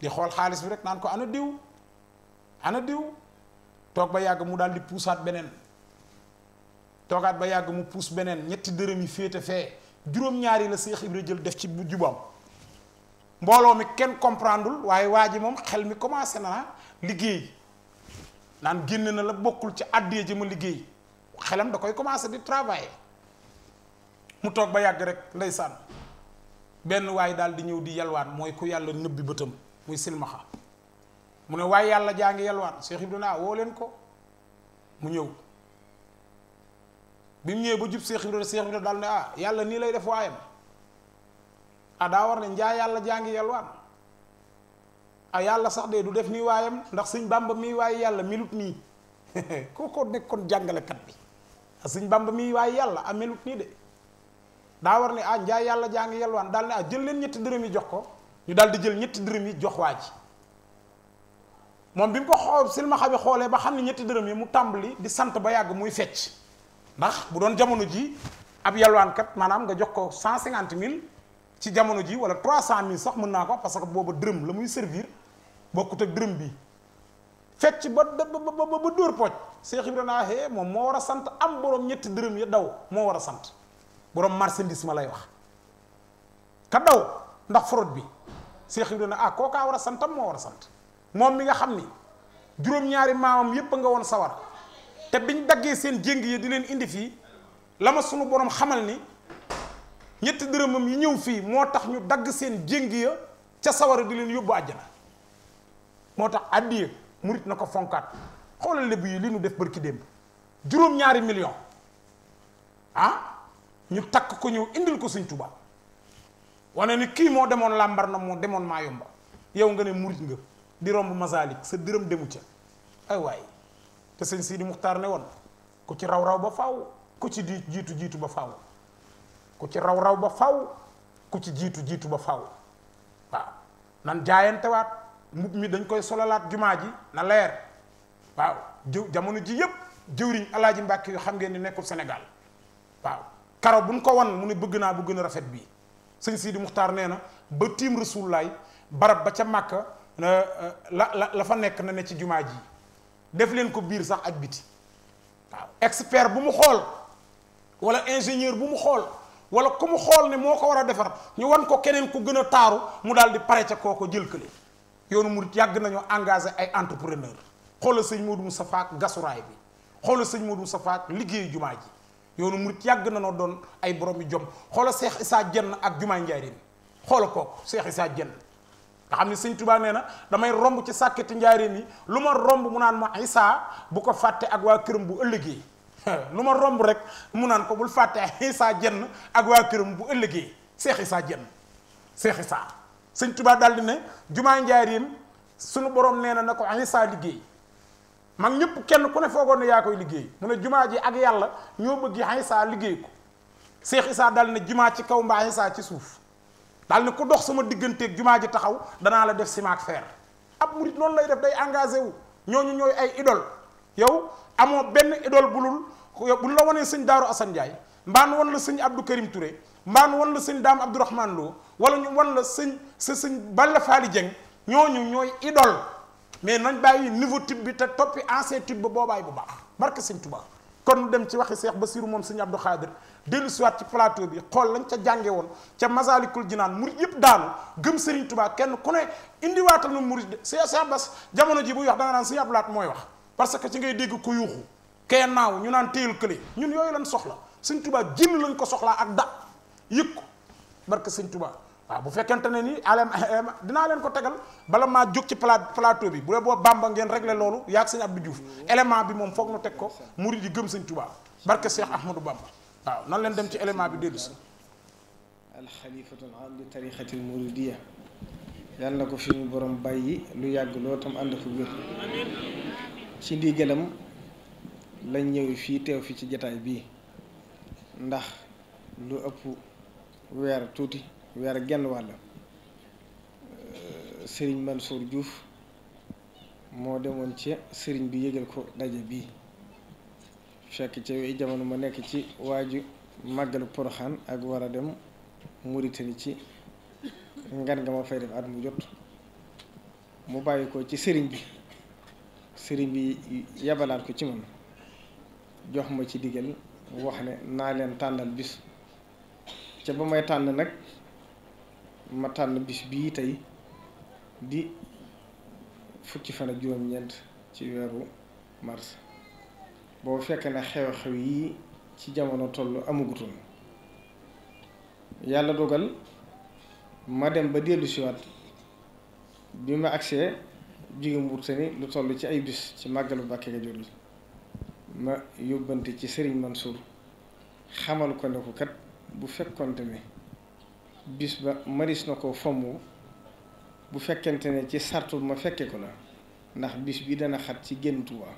di xol xaalis bi rek nan ko ana diw ana diw tok ba yag mu daldi di benen tokat ba yag mu pousse benen ñetti deureum yi fete fete juróom-ñaari la Seex Ibra jël def ci jubaam mbooloo mi kenn comprendul waaye waa ji moom xel mi commencé naa liggéey naan génn na la bokkul ci àddee ji ma liggéey xelam da koy commencé di travailler mu toog ba yàgg rek ndeysaan benn waaye daal di ñëw di yalwaan mooy ku yàlla nëbbi bëtam muy silmaxa mu ne waaye yàlla jaa ngi yalwaan Seex Ibra naa ah, woo leen ko mu ñëw bim mu ñëwee ba jub Seex dalne a Ibra daal ne ah yalla ni lay def wayam a ah, da war ne njaa yàlla jaangi yalwaan a ah, yalla sax de du def ni wayam ndax sëñ Bàmba mii waaye yàlla melut nii kooko nekkoon jàngalekat bi ah sëñ Bàmba mii waaye yàlla ah de da war ne ah njaa yàlla jaangi yalwaan dal na ah, joko, jël len ñetti dërëm yi jox ko ñu dal di jël ñetti dërëm yi jox waaji mom bim ko xol silma xabi ba xamni mu tambali di sante ba yag muy fecc ndax bu doon jamono ji ab kat manam nga jox ko 150000 ci jamono ji wala 300000 sax mën naa ko parce que bobu dërëm la muy servir bokkut ak dërëm bi fecc ba ba ba dóor pooj Cheikh Ibrahima he mom mo wara sante am borom ñetti dërëm ya daw mo wara sante borom marchandise ma lay wax ka daw ndax bi Cheikh Ibrahima ah ko ka wara sante mo wara sante mom mi nga xamni juroom ñaari maamam yep nga won sawar te bi ñu daggee seen jéng yi di leen indi fii la ma sunu borom xamal ni ñetti dërëmam yi ñëw fii moo tax ñu dagg seen jéng ya ca sawara di leen yóbbu àjjana moo tax addiye murit na ko fonkat xoolal lébu yi li ñu def bërki démb juróom-ñaari million ah ñu takk ko ñëw indil ko Sëñ Tuubaa wane ni kii moo demoon làmbar na moo demoon maayomba yow nga ne murit nga di romb masalik sa dërëm demu ca ay waay te sëñ Sidi Muxtaar ne woon ku ci raw raw ba faw ku ci jitu jitu jiitu ba faw ku ci raw raw ba faw ku ci jiitu jiitu ba faw waaw nan jaayantewaat mbub mi dañ koy sololaat jumaa ji na leer waaw jëw jamono ji yépp jëwriñ alaaji Mbàkke yu xam ngeen ni nekkul Sénégal waaw karo buñ ko wan mu ne bëgg naa bu gën rafet bii sëñ Sidi Muxtaar nee ba tiim Rasulullaay barab ba ca Màkka euh, euh, la la la fa nekk na ne ci jumaa def leen ko biir sax ak biti waaw expert bu mu xool wala ingénieur bu mu xool wala ku mu xool ne moo ko war a defar ñu wan ko keneen ku gën a taaru mu daal di pare ca kooko jël kële yoonu murit yàgg nañoo engagé ay entrepreneur xoolal sëñ Modou Moustapha ak gasuraay bi xoolal sëñ Modou Moustapha ak liggéeyu jumaa ji yoonu murit yàgg nañoo doon ay borom yu jom xoolal Seex Isaa Jenn ak jumaa Njaay xoolal kooku Seex Isaa Jenn nga xam ne sëñ Tuubaa nee na damay romb ci sàkketi njaareem yi lu ma romb mu naan ma Isaa bu ko fàtte ak waa këram bu ëllëgee lu ma romb rek mu naan ko bul fàtte Isaa jenn ak waa këram bu ëllëgee Seex Isaa jenn Seex Isaa sëñ Tuubaa daal di ne jumaa njaareem sunu borom nee na na ko Isaa liggéey mag ñëpp kenn ku ne foogoon ne yaa koy liggéey mu ne jumaa ji ak yàlla ñoo bëgg Isaa liggéey ko Seex Isaa daal ne jumaa ci kaw mbaa Isaa ci suuf daal ne ku dox sama digganteeg jumaa ji taxaw danaa la def ciment ak fer ab murit noonu lay def day engagé wu ñooñu ñooy ay idole yow amoo benn bu bulul bu ñu la wanee sëñ Daaru Assane Ndiaye mbaan wan la sëñ Abdou Karim Touré mbaan wan la sëñ Daam Abdourahmane Lo wala ñu wan la sëñ sa sëñ Balla Faali Jeng ñooñu ñooy idole mais nañ bàyyi niveau type bi te toppi ancien type ba boobaay bu baax barke sëñ Tuubaa kon dem ci waxi Seex Basiru moom Sëriñ Abdou Khadir dellu siwaat ci plateau bi xool lañ ca jànge woon ca Masalikul naan murid yëpp daanu gëm Serigne Touba kenn ku ne indiwaatal na murid de Seex Bas jamono ji buy wax da nga naan Sëriñ Abdou mooy wax parce que ci ngay dégg ko yuuxu kee naaw ñu naan téyel kële ñun yooyu lañ soxla suñ Touba jinn lañ ko soxlaa ak da yëg ko barke Sëriñ Touba waaw bu fekkente ne ni alem dinaa leen ko tegal bala maa jóg ci pla plateau bi bu dee boo bàmba ngeen réglé loolu yaag sëñ bi Diouf élément bi moom foog nu teg ko murid yi gëm sëñ Tuubaa barke Cheikh Ahmadou Bamba nan leen dem ci élément bi dellu si alxalifatu al li tariqati al muridiya yàlla na ko fi ñu borom bàyyi lu yàgg loo tam ànd ko wér ci ndigalam lañ ñëw fii teew fi ci jataay bi ndax lu ëpp weer tuuti weer ak genn wàll euh, sëriñ man Mansour juuf moo demoon ci sëriñ bi yëgal ko daje bii fekk ci yooyu jamono ma nekk ci waaju màggalu poroxaan ak war a dem Mauritanie ci ngan nga ma fay def at mu jot mu bàyyi ko ci sëriñ bi sëriñ bi yabalaat ko ci man jox ma ci digal wax ne naa leen tànnal bis ca ba may tànn nag ma tànn bis bii tey di fukki fan ak juróom-ñeent ci weeru mars boo fekk ne xew-xew yi ci jamono toll amagutoon yàlla dogal ma dem ba dellusiwaat bi ma agsee jóge Mauritanie lu toll ci ay bis ci màggalu Mbàkke Kajoor gi ma yóbbante ci Serigne Mansour xamal ko ne ko kat bu fekkonte ne bis ba maris na ko fomm bu fekkente ne ci sartul ma fekke ko la ndax bis bi dana xat ci génn Tuubaa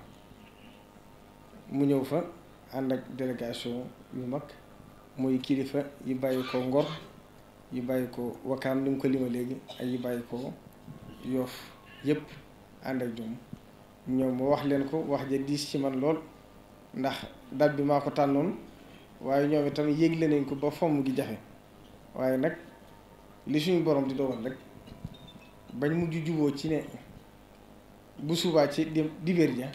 mu ñëw fa ànd ak délégation yu mag mooy kilifa yi bàyyi ko Ngor yi bàyyi ko Wakaam ni mu ko lima léegi ak yi bàyyi ko Yoof yëpp ànd ak ñoom ñoom ma wax leen ko wax ja diis ci man lool ndax date bi maa ko tànnoon waaye ñoom itam yéegle nañ ko ba fomm gi jafe waaye nag li suñu borom di dogal rek bañ mujj juboo ci ne bu subaa ci dibéer ja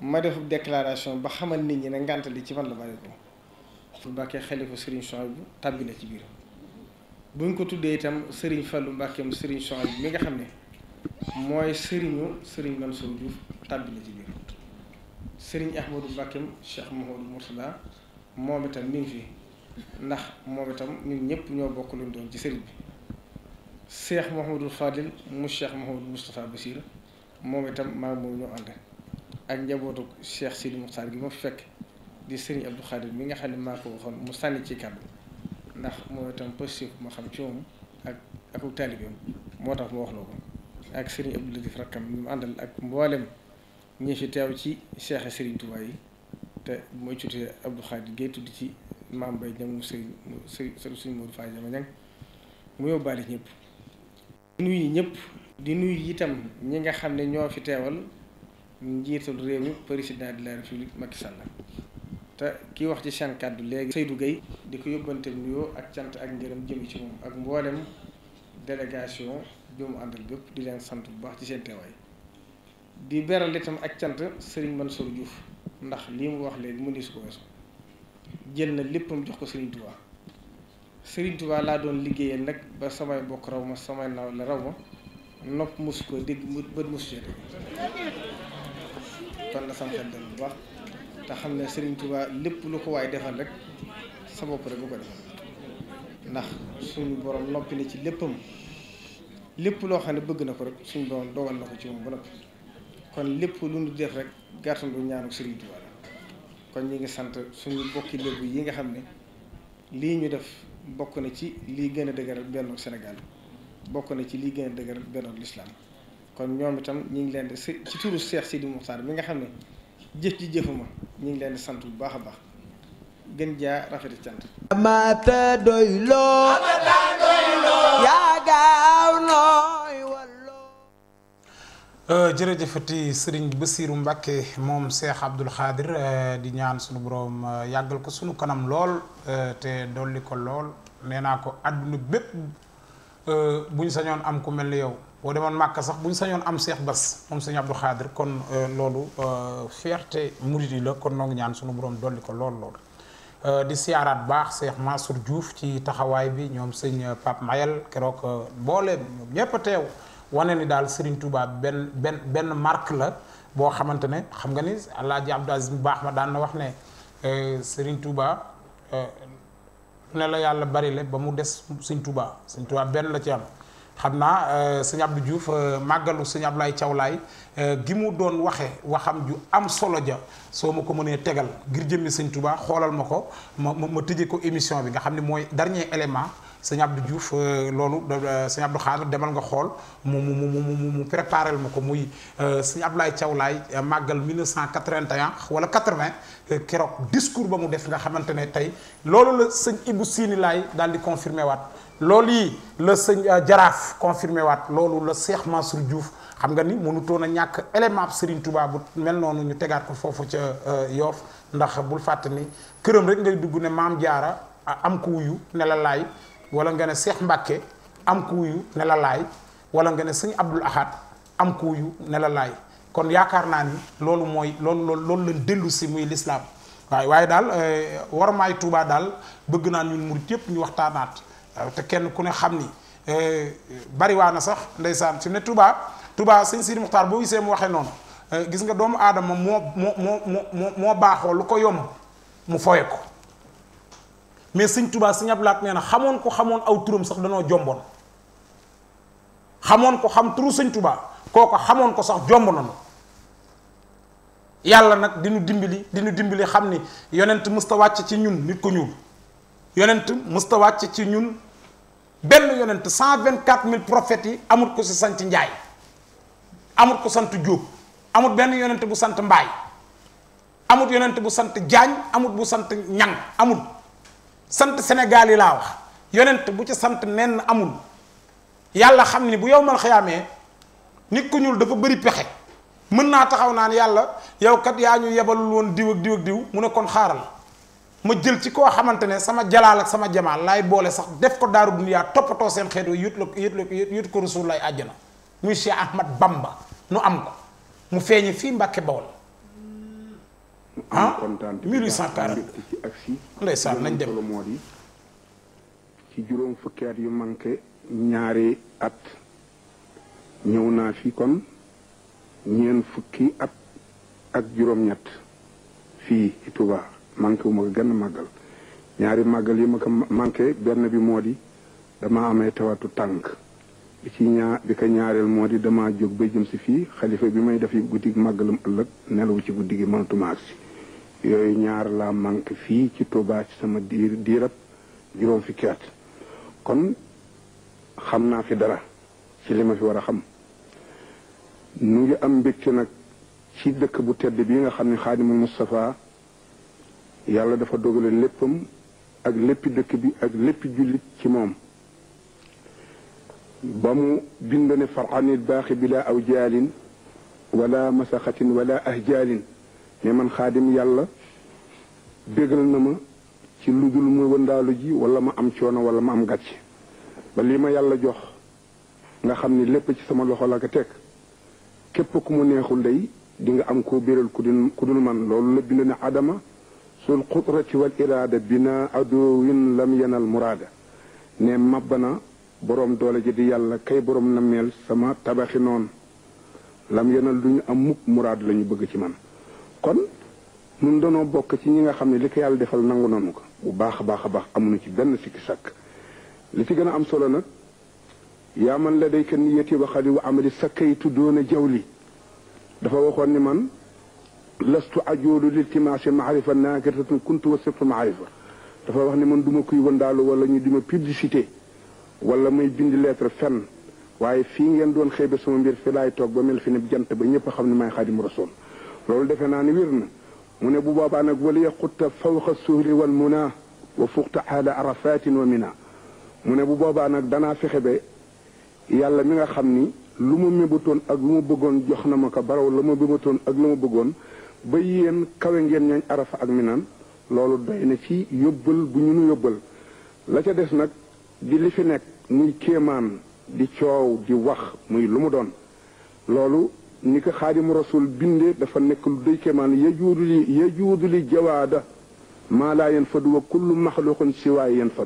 ma def déclaration ba xamal nit ñi ne ngànt ci man la bàyyi ko fu Mbàkke xalifa Serigne Souhaïbou tàbbi na ci biir buñ ko tuddee itam Serigne Fallou Mbàkkeem Serigne Souhaïbou mi nga xam ne mooy Serigne Serigne Mansour Diouf tàbbi na ci biir sëriñ Ahmadou Mbàkkeem Cheikh Mouhamadou Mourtada moom itam mi ngi ndax moom itam ñun ñëpp ñoo bokk luñ doon ci sëriñ bi Cheikh Mouhamadou Fadil mu Cheikh Mouhamadou mustapha Bassir moom itam maa ngi moom ñoo ànd ak njabootu Cheikh Sidi Moukhtar gi ma fekk di sëriñ Abdou Khadir mi nga xam ne maa ko waxoon mu sànni ci kàddu ndax moom itam positif ma xam ci moom ak ak taalibeem moo tax mu wax loo ko ak sëriñ Abdou Latif rakam mi mu àndal ak mboolem ñi fi teew ci Cheikh Sëriñ Touba yi te mooy tuddee Abdou Khadir Gueye tudd ci maam bay ñam mu sëy sëy suñ Modou Faye Jama ñang mu yóbbaale ñëpp di yi ñëpp di nuyu itam ñi nga xam ne ñoo fi teewal njiital réew mi président de la république Macky Sall te ki wax ci seen kàddu léegi Seydou Gueye di ko yóbbante nuyoo ak cant ak ngërëm jëm ci moom ak mboolem délégation bi mu àndal bépp di leen sant bu baax ci seen teewaay di beral itam ak cant Serigne Mansour Diouf ndax lii mu wax léegi mu ni su ko weesu jël na léppam jox ko Serigne Touba Serigne Touba laa doon liggéeyal nag ba samay bokk raw ma samay naaw la raw ma nopp mosu ko dégg bët mosu jot kon la sant leen bu baax te xam ne Serigne Touba lépp lu ko waay defal rek sa bopp rek ko defal ndax suñu borom noppi ci léppam lépp loo xam ne bëgg na ko rek suñu borom dogal na ko ci moom ba noppi kon lépp lu nu def rek gàttandu ñaanu Serigne Touba. kon ñu ngi sant suñu bokki lébu yi nga xam ne lii ñu def bokk na ci lii gën a dëgëral benn Sénégal bokk na ci lii gën a dëgëral benn lislaam kon ñoom itam ñu ngi leen di ci turu Cheikh Sidi Moukhtar mi nga xam ne jëf ji jëfuma ñu ngi leen sant bu baax a baax gën jaa rafet cant amaata doy loo yaa Euh, jërëjëfati sëriñ siiru Mbacké moom Cheikh Abdoul Khadir euh, di ñaan sunu borom euh, yàggal ko suñu kanam lool te dolli ko lool nee naa ko àdduna bépp bu ñu sañoon am ku mel ni yow boo demoon màkk sax bu sañoon am Cheikh Bass moom sëriñ Abdoul Khadir kon loolu fierté murid yi la kon noo ñaan suñu borom dolli ko lool lool. di siyaaraat baax Cheikh Mansour Diouf ci taxawaay bi ñoom sëñ Pape Mayel keroog boole ñëpp teew. wane ni daal Serigne Touba ben ben ben marque la bo xamantene xam nga ni El Hadj Abdou Aziz bu ma daan na wax ne euh, Serigne Touba euh, ne la yàlla bari le ba mu des Serigne Touba Serigne Touba ben la ci am. xamna euh, serigne Abdou Diouf magalu serigne Ablaye tiawlay gimu mu doon waxe waxam ju am solo ja soo ma ko mënee tegal gir jëmmi serigne Touba xolal mako ma ma ko emission bi nga xamni moy dernier element sëñ Abdou Diouf euh, loolu euh, sëñ Abdou Khadir demal nga xool mu mu mu mu mu préparé ma ko muy euh, sëñ Abdoulaye Thiaw Laye màggal cent 1981 wala 80 keroog discours ba mu def nga xamante ne tey loolu la sëñ Ibou Sini Laye daal di confirmé waat loolu yi la sëñ Jaraaf confirmé waat loolu la Cheikh Mansour xam nga ni mënutoon a ñàkk élément ab tubaabu Touba mel noonu ñu tegaat ko foofu ca Yoff ndax bul fàtt ni këram rek ngay dugg ne maam jaara am ko wuyu ne la wala nga ne Seex Mbàkke am ku wuyu ne la wala nga ne sëñ Abdul Ahad am ku wuyu nelalaay kon yaakaar naa ni loolu mooy loolu loolu loolu lañ dellu si muy lislaam waaye waaye daal eh, war maay Tuubaa daal bëgg naa mu murit yëpp ñu waxtaanaat te kenn ku ne xam ni eh, bariwaa na sax ndeysaan fi mu ne Tuubaa Tuubaa sëñ Sidi Muxtaar boo gisee mu waxee noonu eh, gis nga doomu aadama moo moo moo moo moo baaxoo lu ko yomb mu foye ko mais seigne touba seigne ablaat neena xamone ko xamone aw turum sax danoo jombon xamone ko xam turu seigne touba koko xamone ko sax jomb nanu yàlla dinu dimbali dinu dimbali xamni yonent musta wacc ci ñun nit ko ñuul yonent musta wacc ci ñun ben yonent 124000 prophète yi amul ko ci sant njaay amul ko sant jóob amul ben yonent bu sant mbaay amul yonent bu sant djagne amul bu sant ñang amul sant Sénégal yi laa wax yonent bu ci sant nenn amul yàlla xam ni bu yow mal xayaamee nit ku ñuul dafa bëri pexe mën naa taxaw naan yàlla yow kat yaa ñu yebalul woon diw ak diw ak diw mu ne kon xaaral ma jël ci koo xamante ne sama jalaal ak sama jamaal laay boole sax def ko daaru duniyaa toppatoo seen xeet yooyu yut la yut yut ko rasul lay àjjana muy Cheikh Ahmad Bamba nu am ko mu feeñi fii Mbàkke Bawol ah 1840 ndeysaan nañ dem moo di ci juróom fukki at yu manqué ñaari at ñëw naa fi kon ñeen fukki at ak juróom-ñett fii ci Touba wu ma ko gën a màggal ñaari màggal yi ma ko manqué benn bi moo di dama amee tawatu tànk bi ci ñaar bi ko ñaareel moo di dama jóg ba jëm si fii xalifa bi may def yi guddi màggalam ëllëg nelaw ci guddi gi mënatuma agsi yooyu ñaar laa manque fii ci Touba ci sama diir diirab juróom fukki at kon xam naa fi dara ci li ma fi war a xam nu ngi am mbégte nag ci dëkk bu tedd bi nga xam ne xaadimul Moustapha yàlla dafa dogale léppam ak léppi dëkk bi ak léppi jullit ci moom ba mu bind ne faranil baaxi bila aw jaalin wala masaxatin wala ahjaalin ne man xaadim yàlla bégal na ma ci lu dul mu wëndaalu ji wala ma am coono wala ma am gàcce ba lii ma yàlla jox nga xam ni lépp ci sama loxo la ko teg képp ku mu neexul day di nga am ko béral ku dul ku dul man loolu la bind ne adama sul xudrati wal iraada bina adowin lam yenal muraada ne mabba na boroom doole ji di yàlla kay boroom na meel sama tabaxi noonu lam yanal du ñu am mukk muraad lañu bëgg ci man nun danoo bokk ci ñi nga xam ne li ko yàlla defal nangu nanu ko bu baax a baax a baax amuñu ci benn sikki sàkk li ci gën a am solo nag yaa man la day kenn niyati waxali wa amali sakkaytu doona jawli dafa waxoon ni man lastu ajoolu liltimaasi maarifa naakiratan kuntu wa sirtu maarifa dafa wax ni man duma kuy wëndaalu wala ñu dima publicité wala muy bind lettre fenn waaye fii ngeen doon xëy sama mbir fi laay toog ba mel fi ne jant ba ñëpp xam ne maay xaadim rasool loolu defe naa ni wér na mu ne bu boobaa nag wala yaxutta fawqa suhri wal muna wa fuqta xaala arafatin wa minaa mu ne bu boobaa nag danaa fexe ba yàlla mi nga xam ni lu ma mébatoon ak lu ma bëggoon jox na ma ko baraw la ma mébatoon ak lu ma bëggoon ba yéen kawe ngeen ñañ arafa ak minan loolu doy na ci yóbbal bu ñu nu yóbbal la ca des nag di li fi nekk muy kéemaan di coow di wax muy lu mu doon loolu ni ko xaadimu rasul bindee dafa nekk lu doy kéemaan yajuudu li yajuudu li jawaada maa laa yen fadu wa kullu si siwaay yen fa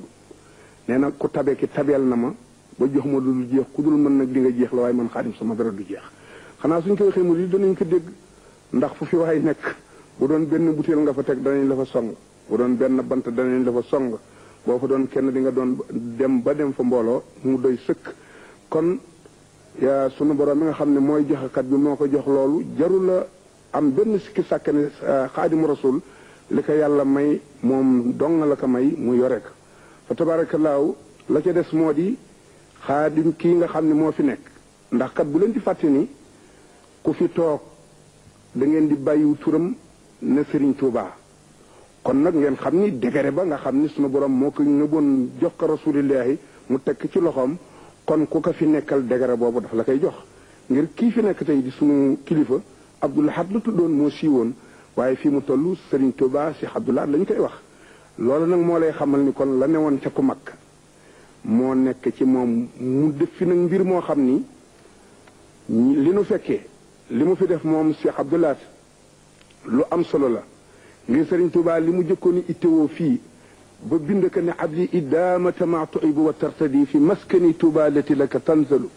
nee na ku tabe ki tabeel na ma ba jox ma lu jeex ku dul mën nag di nga jeex la waaye man xaadim sama dara du jeex xanaa suñ ko waxee mu yi danañ ko dégg ndax fu fi waay nekk bu doon benn butéel nga fa teg danañ la fa song bu doon benn bant danañ la fa song boo fa doon kenn di nga doon dem ba dem fa mbooloo mu doy sëkk sunu borom bi nga xam ne mooy joxekat bi moo ko jox loolu jarul la am benn sikki sàkk ne eh, xaadimu rasul li ko yàlla may moom dong la ko may mu yore ko fa tabaarakallaahu la ca des moo di xaadim kii nga xam ni moo fi nekk ndax kat bu leen di fàtte ni ku fi toog da ngeen di bàyyiw turam ne Serigne Touba kon nag ngeen xam ni degere ba nga xam ni sunu borom moo ko ñëboon jox ko rasulillahi mu tekk ci loxoom kon ku ko fi nekkal degere boobu dafa la koy jox ngir kii fi nekk tey di suñu kilifa Abdou Lahad la tuddoon moo siiwoon waaye fii mu toll Serigne Touba Cheikh Abdou Lahad lañ koy wax loolu nag moo lay xamal ni kon la newoon ca ku mag moo nekk ci moom mu def fi nag mbir moo xam ni li nu fekkee li mu fi def moom si Abdou lu am solo la ngir sëriñ Touba li mu jëkkoon ittewoo fii ba bind ka ne abli idaamata ma tuibu wa tartadi fi maskani tubaalati la ka tanzalu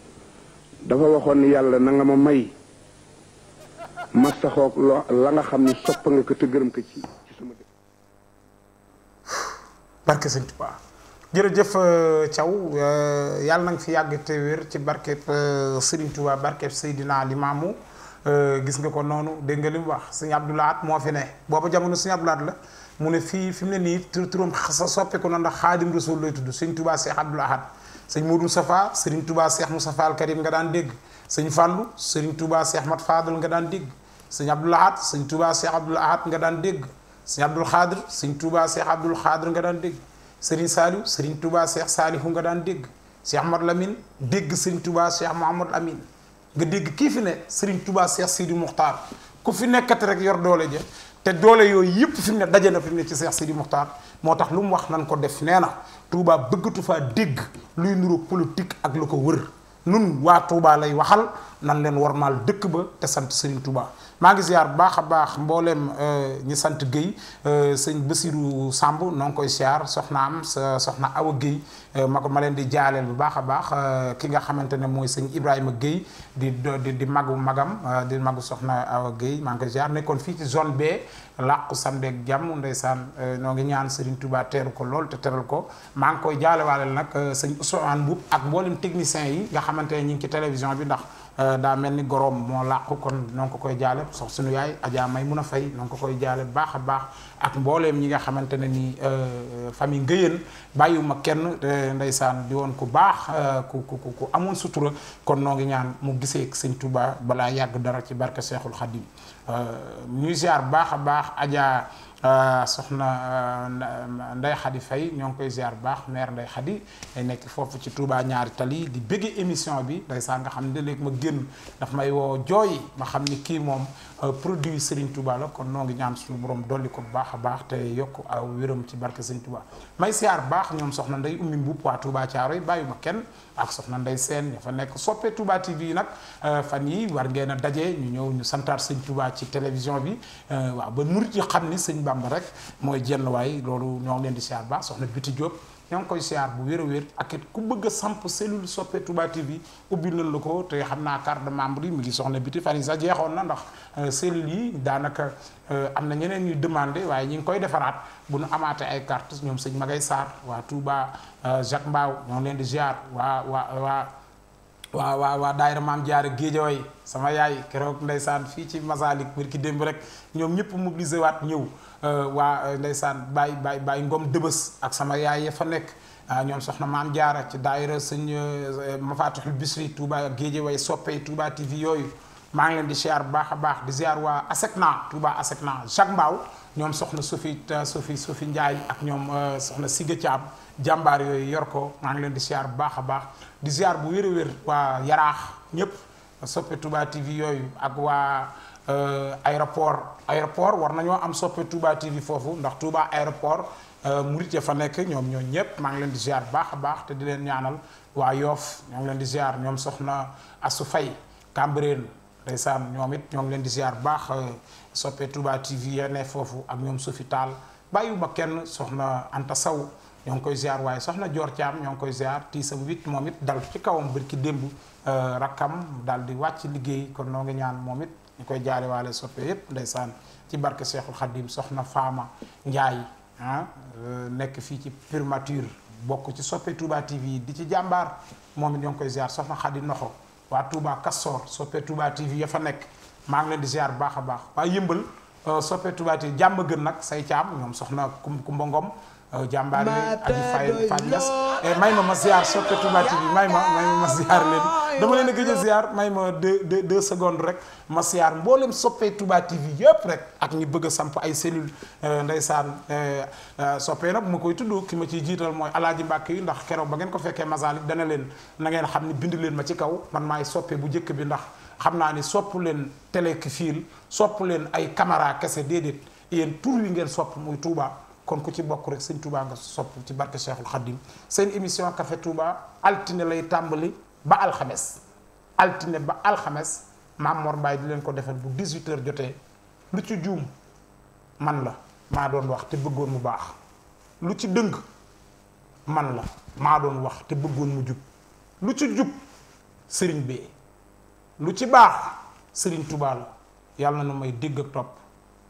dafa waxoon yàlla nanga nga ma may ma loo la nga xam ne soppa nga ko te gërëm ko ci ci sama dëkk barke sëñ Tuubaa jërëjëf euh, euh, na nga fi yàgg te wér ci barkeb euh, Serigne Touba barkeb Seydina Limaamu gis nga ko noonu dégg nga li mu wax sëñ Abdoulaat moo fi ne boobu jamono sëñ Abdoulaat la mu ne fii fi mu ne nii tur turam sa soppi ko na ndax xaadim rasul lay tudd sëñ Touba Cheikh Abdoul Ahad sëñ Modou Safa sëriñ Touba Cheikh Moustapha al Karim nga daan dégg sëñ Fallou sëriñ Touba Cheikh Mat Fadal nga daan dégg sëñ Abdoul Ahad sëñ Touba Cheikh Abdoul Ahad nga daan dégg sëñ Abdoul khadir sëñ Touba Cheikh Abdoul khadir nga daan dégg sëriñ Saliou sëriñ Touba Cheikh Salihu nga daan dégg Cheikh Ahmad Lamine dégg sëriñ Touba Cheikh mohammed amin nga dégg kii fi ne sëriñ Touba Cheikh Sidi Moukhtar ku fi nekkat rek yor doole ja te doole yooyu yëpp fi mu ne daje na fi mu ne ci Seex Sidi Muxtaar moo tax lu mu wax nan ko def nee na Touba bëggatu faa dégg luy nuru politique ak lu ko wër nun waa tuubaa lay waxal nan leen warmaal dëkk ba te sant Serigne Touba. maa ziar bu baax baax mbollem euh, ñi sante geey euh, sëñ Basirou Samb noo koy ziar soxna am soxna Awa geey euh, mako malen di jaaleel bu baax baax ki nga xamantene moy mooy sëñ Ibrahima Guèye di di di magu magam di magu soxna Awa geey mang koy ziar nekkoon fi ci zone B laq samedi jam jàmm ndeysaan noo ñaan Serigne Touba teru ko lol te teral ko mang koy jaale walel nak sëñ Ousmane Mboup ak mbollem technicien yi nga xamantene ñi ci télévision bi ndax Euh, daa mel ni goroom moo làqu kon noo ngi ko koy jaale sax suñu yaay Adja May mun a fay noo ko koy jaale baax a baax ak mbooleem ñi nga xamante ne nii euh, famille Ngéyeen bàyyiwuma kenn ndeysaan di woon ku baax euh, ku ku ku amoon sutura kon noo ngi ñaan mu gisee sëñ tubaa balaa yàgg dara ci barke Seexul Xadim ñuy baax a baax Adja. Euh, soxna euh, Ndeye Khady fey ñoo ngi koy ziar baax meer Ndeye Khady day nekk foofu ci Touba ñaari tali di bëggee émission bi day saa nga xam ne léegi ma génn daf may woo jooy ma xam ni kii moom euh, produit Serigne Touba la kon noo ngi ñaan suñu borom dolli ko bu baax a baax te yokk aw wéram ci barke Serigne Touba may ziar baax ñoom soxna Ndeye Oumy Mboup waa Touba Thiaroye bàyyi ma kenn ak soxna Ndey Seen ñu fa nekk soppe Touba TV nag euh, fan yi war ngeen a daje ñu ñëw ñu santaat sëñ Touba ci télévision bi euh, waaw ba murit ci xam ni sëñ Bamba rek mooy jenn waay loolu ñoo leen di siyaar baax soxna Biti Diop ñoo ngi koy siyaar bu wér a wér ak it ku bëgg a samp cellule soppe Touba TV ubbil nañ la ko te xam naa carte de membre yi mu ngi soxna biti fan yi sax jeexoon na ndax euh, cellule yi daanaka euh, am na ñeneen ñuy demande waaye ñi ngi koy defaraat bu nu amaatee ay carte ñoom sëñ Magay saar waa Touba euh, Jacques Mbaaw ñoo ngi leen di ziar waa waa waa waaw waaw waaw daayira maam jaare géejaway sama yaay keroog ndeysaan fii ci Masalik bërki démb rek ñoom ñëpp mobilisé waat ñëw Euh, waa euh, ndeysaan baay Baye Baye ngoom dëbës ak sama yaay ya fa nekk ah, ñoom soxna maam jaar ci daayira sëñ euh, mafatixul bisri Touba Guédiawaye soppe Touba TV yooyu maa ngi leen di bu baax a baax di ziar waa ASECNA Touba ASECNA Jacques Mbaw ñoom soxna Sophie Sophie Sophie Ndiaye ak ñoom soxna Siga Thiam jàmbaar yooyu yor ko maa ngi leen di ziar bu baax a baax di ziar bu wér wér waa yaraax ñëpp soppe Touba TV yooyu ak waa Euh, aéroport aéroport war nañoo am soppe Touba TV foofu ndax Touba aéroport euh, murit ya fa nekk ñoom ñoo ñëpp maa ngi leen di ziar baax a baax te di leen ñaanal waa Yoof ñoo ngi leen di ziar ñoom soxna Asu Fay Cambérène ndeysaan ñoom it ñoo ngi leen di ziar baax euh, soppee Touba TV ya ne foofu ak ñoom Sofi Taal bàyyiwu ma kenn soxna Anta Saw ñoo ngi koy ziar waaye soxna joor caam ñoo ngi koy ziar tiisam wit moom it dal ci kawam bërki démb rakkam daal di wàcc liggéey kon noo ngi ñaan moom it ñu koy jaale waale soppe yépp ndeysaan ci barke Seexul Xaddim soxna Faama Njaay ah euh, nekk fii ci primature bokk ci soppe Touba TV di ci jàmbaar moom it ñoo ngi koy ziar soxna Xadi Noxo waa Touba Kastoor soppe TV ya fa nekk maa ngi leen di ziar baax a baax waa yëmbal euh, soppe Touba gën nag say caam ñoom soxna Kumba Ngom euh, jàmbaar yi eh, may ma ma ziar soppe Touba ma ma ma leen dama leen a gëj a ziar may ma deux deux de secondes rek ma ziar mboolem soppee Touba TV yëpp rek ak ñi bëgg a samp ay cellule euh, ndeysaan euh, euh, soppee nag ma koy tudd ki ma ciy jiital mooy alaaji Mbàkke yi ndax keroog ba ngeen ko fekkee Masalik dana leen nangeen xam ni bind leen ma ci kaw man maay soppe bu njëkk bi ndax xam naa ni sopp leen télé ki fiil sopp leen ay caméra kese déedéet yéen tur wi ngeen sopp muy Touba kon ku ci bokk rek sëñ Touba nga sopp ci barke Cheikhul Khadim seen émission Café altine lay tàmbali ba alxemes altine ba alxemes maam Mor Mbaye di leen ko defal bu 18h jotee lu ci juum man la maa doon wax te bëggoon mu baax lu ci dëng man la maa doon wax te bëggoon mu jub lu ci jub sëriñ bi lu ci baax sëriñ Tuubaa yàlla na nu may dégg ak topp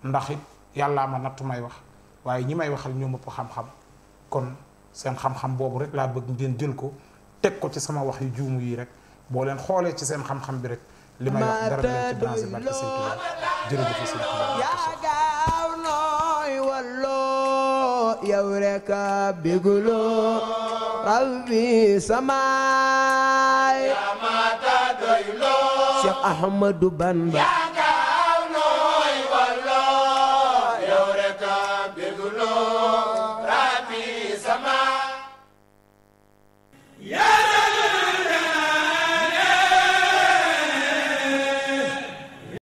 ndax it yàllaa ma nattu may wax waaye ñi may waxal ñoo mëpp xam-xam kon seen xam-xam boobu rek laa bëgg ngeen jël ko teg ko ci sama wax yu yi rek boo leen xoolee ci seen xam bi rek yaa gaaw nooy walloo yow rek a biguloo rabbi samaay yaa ma ta doyloo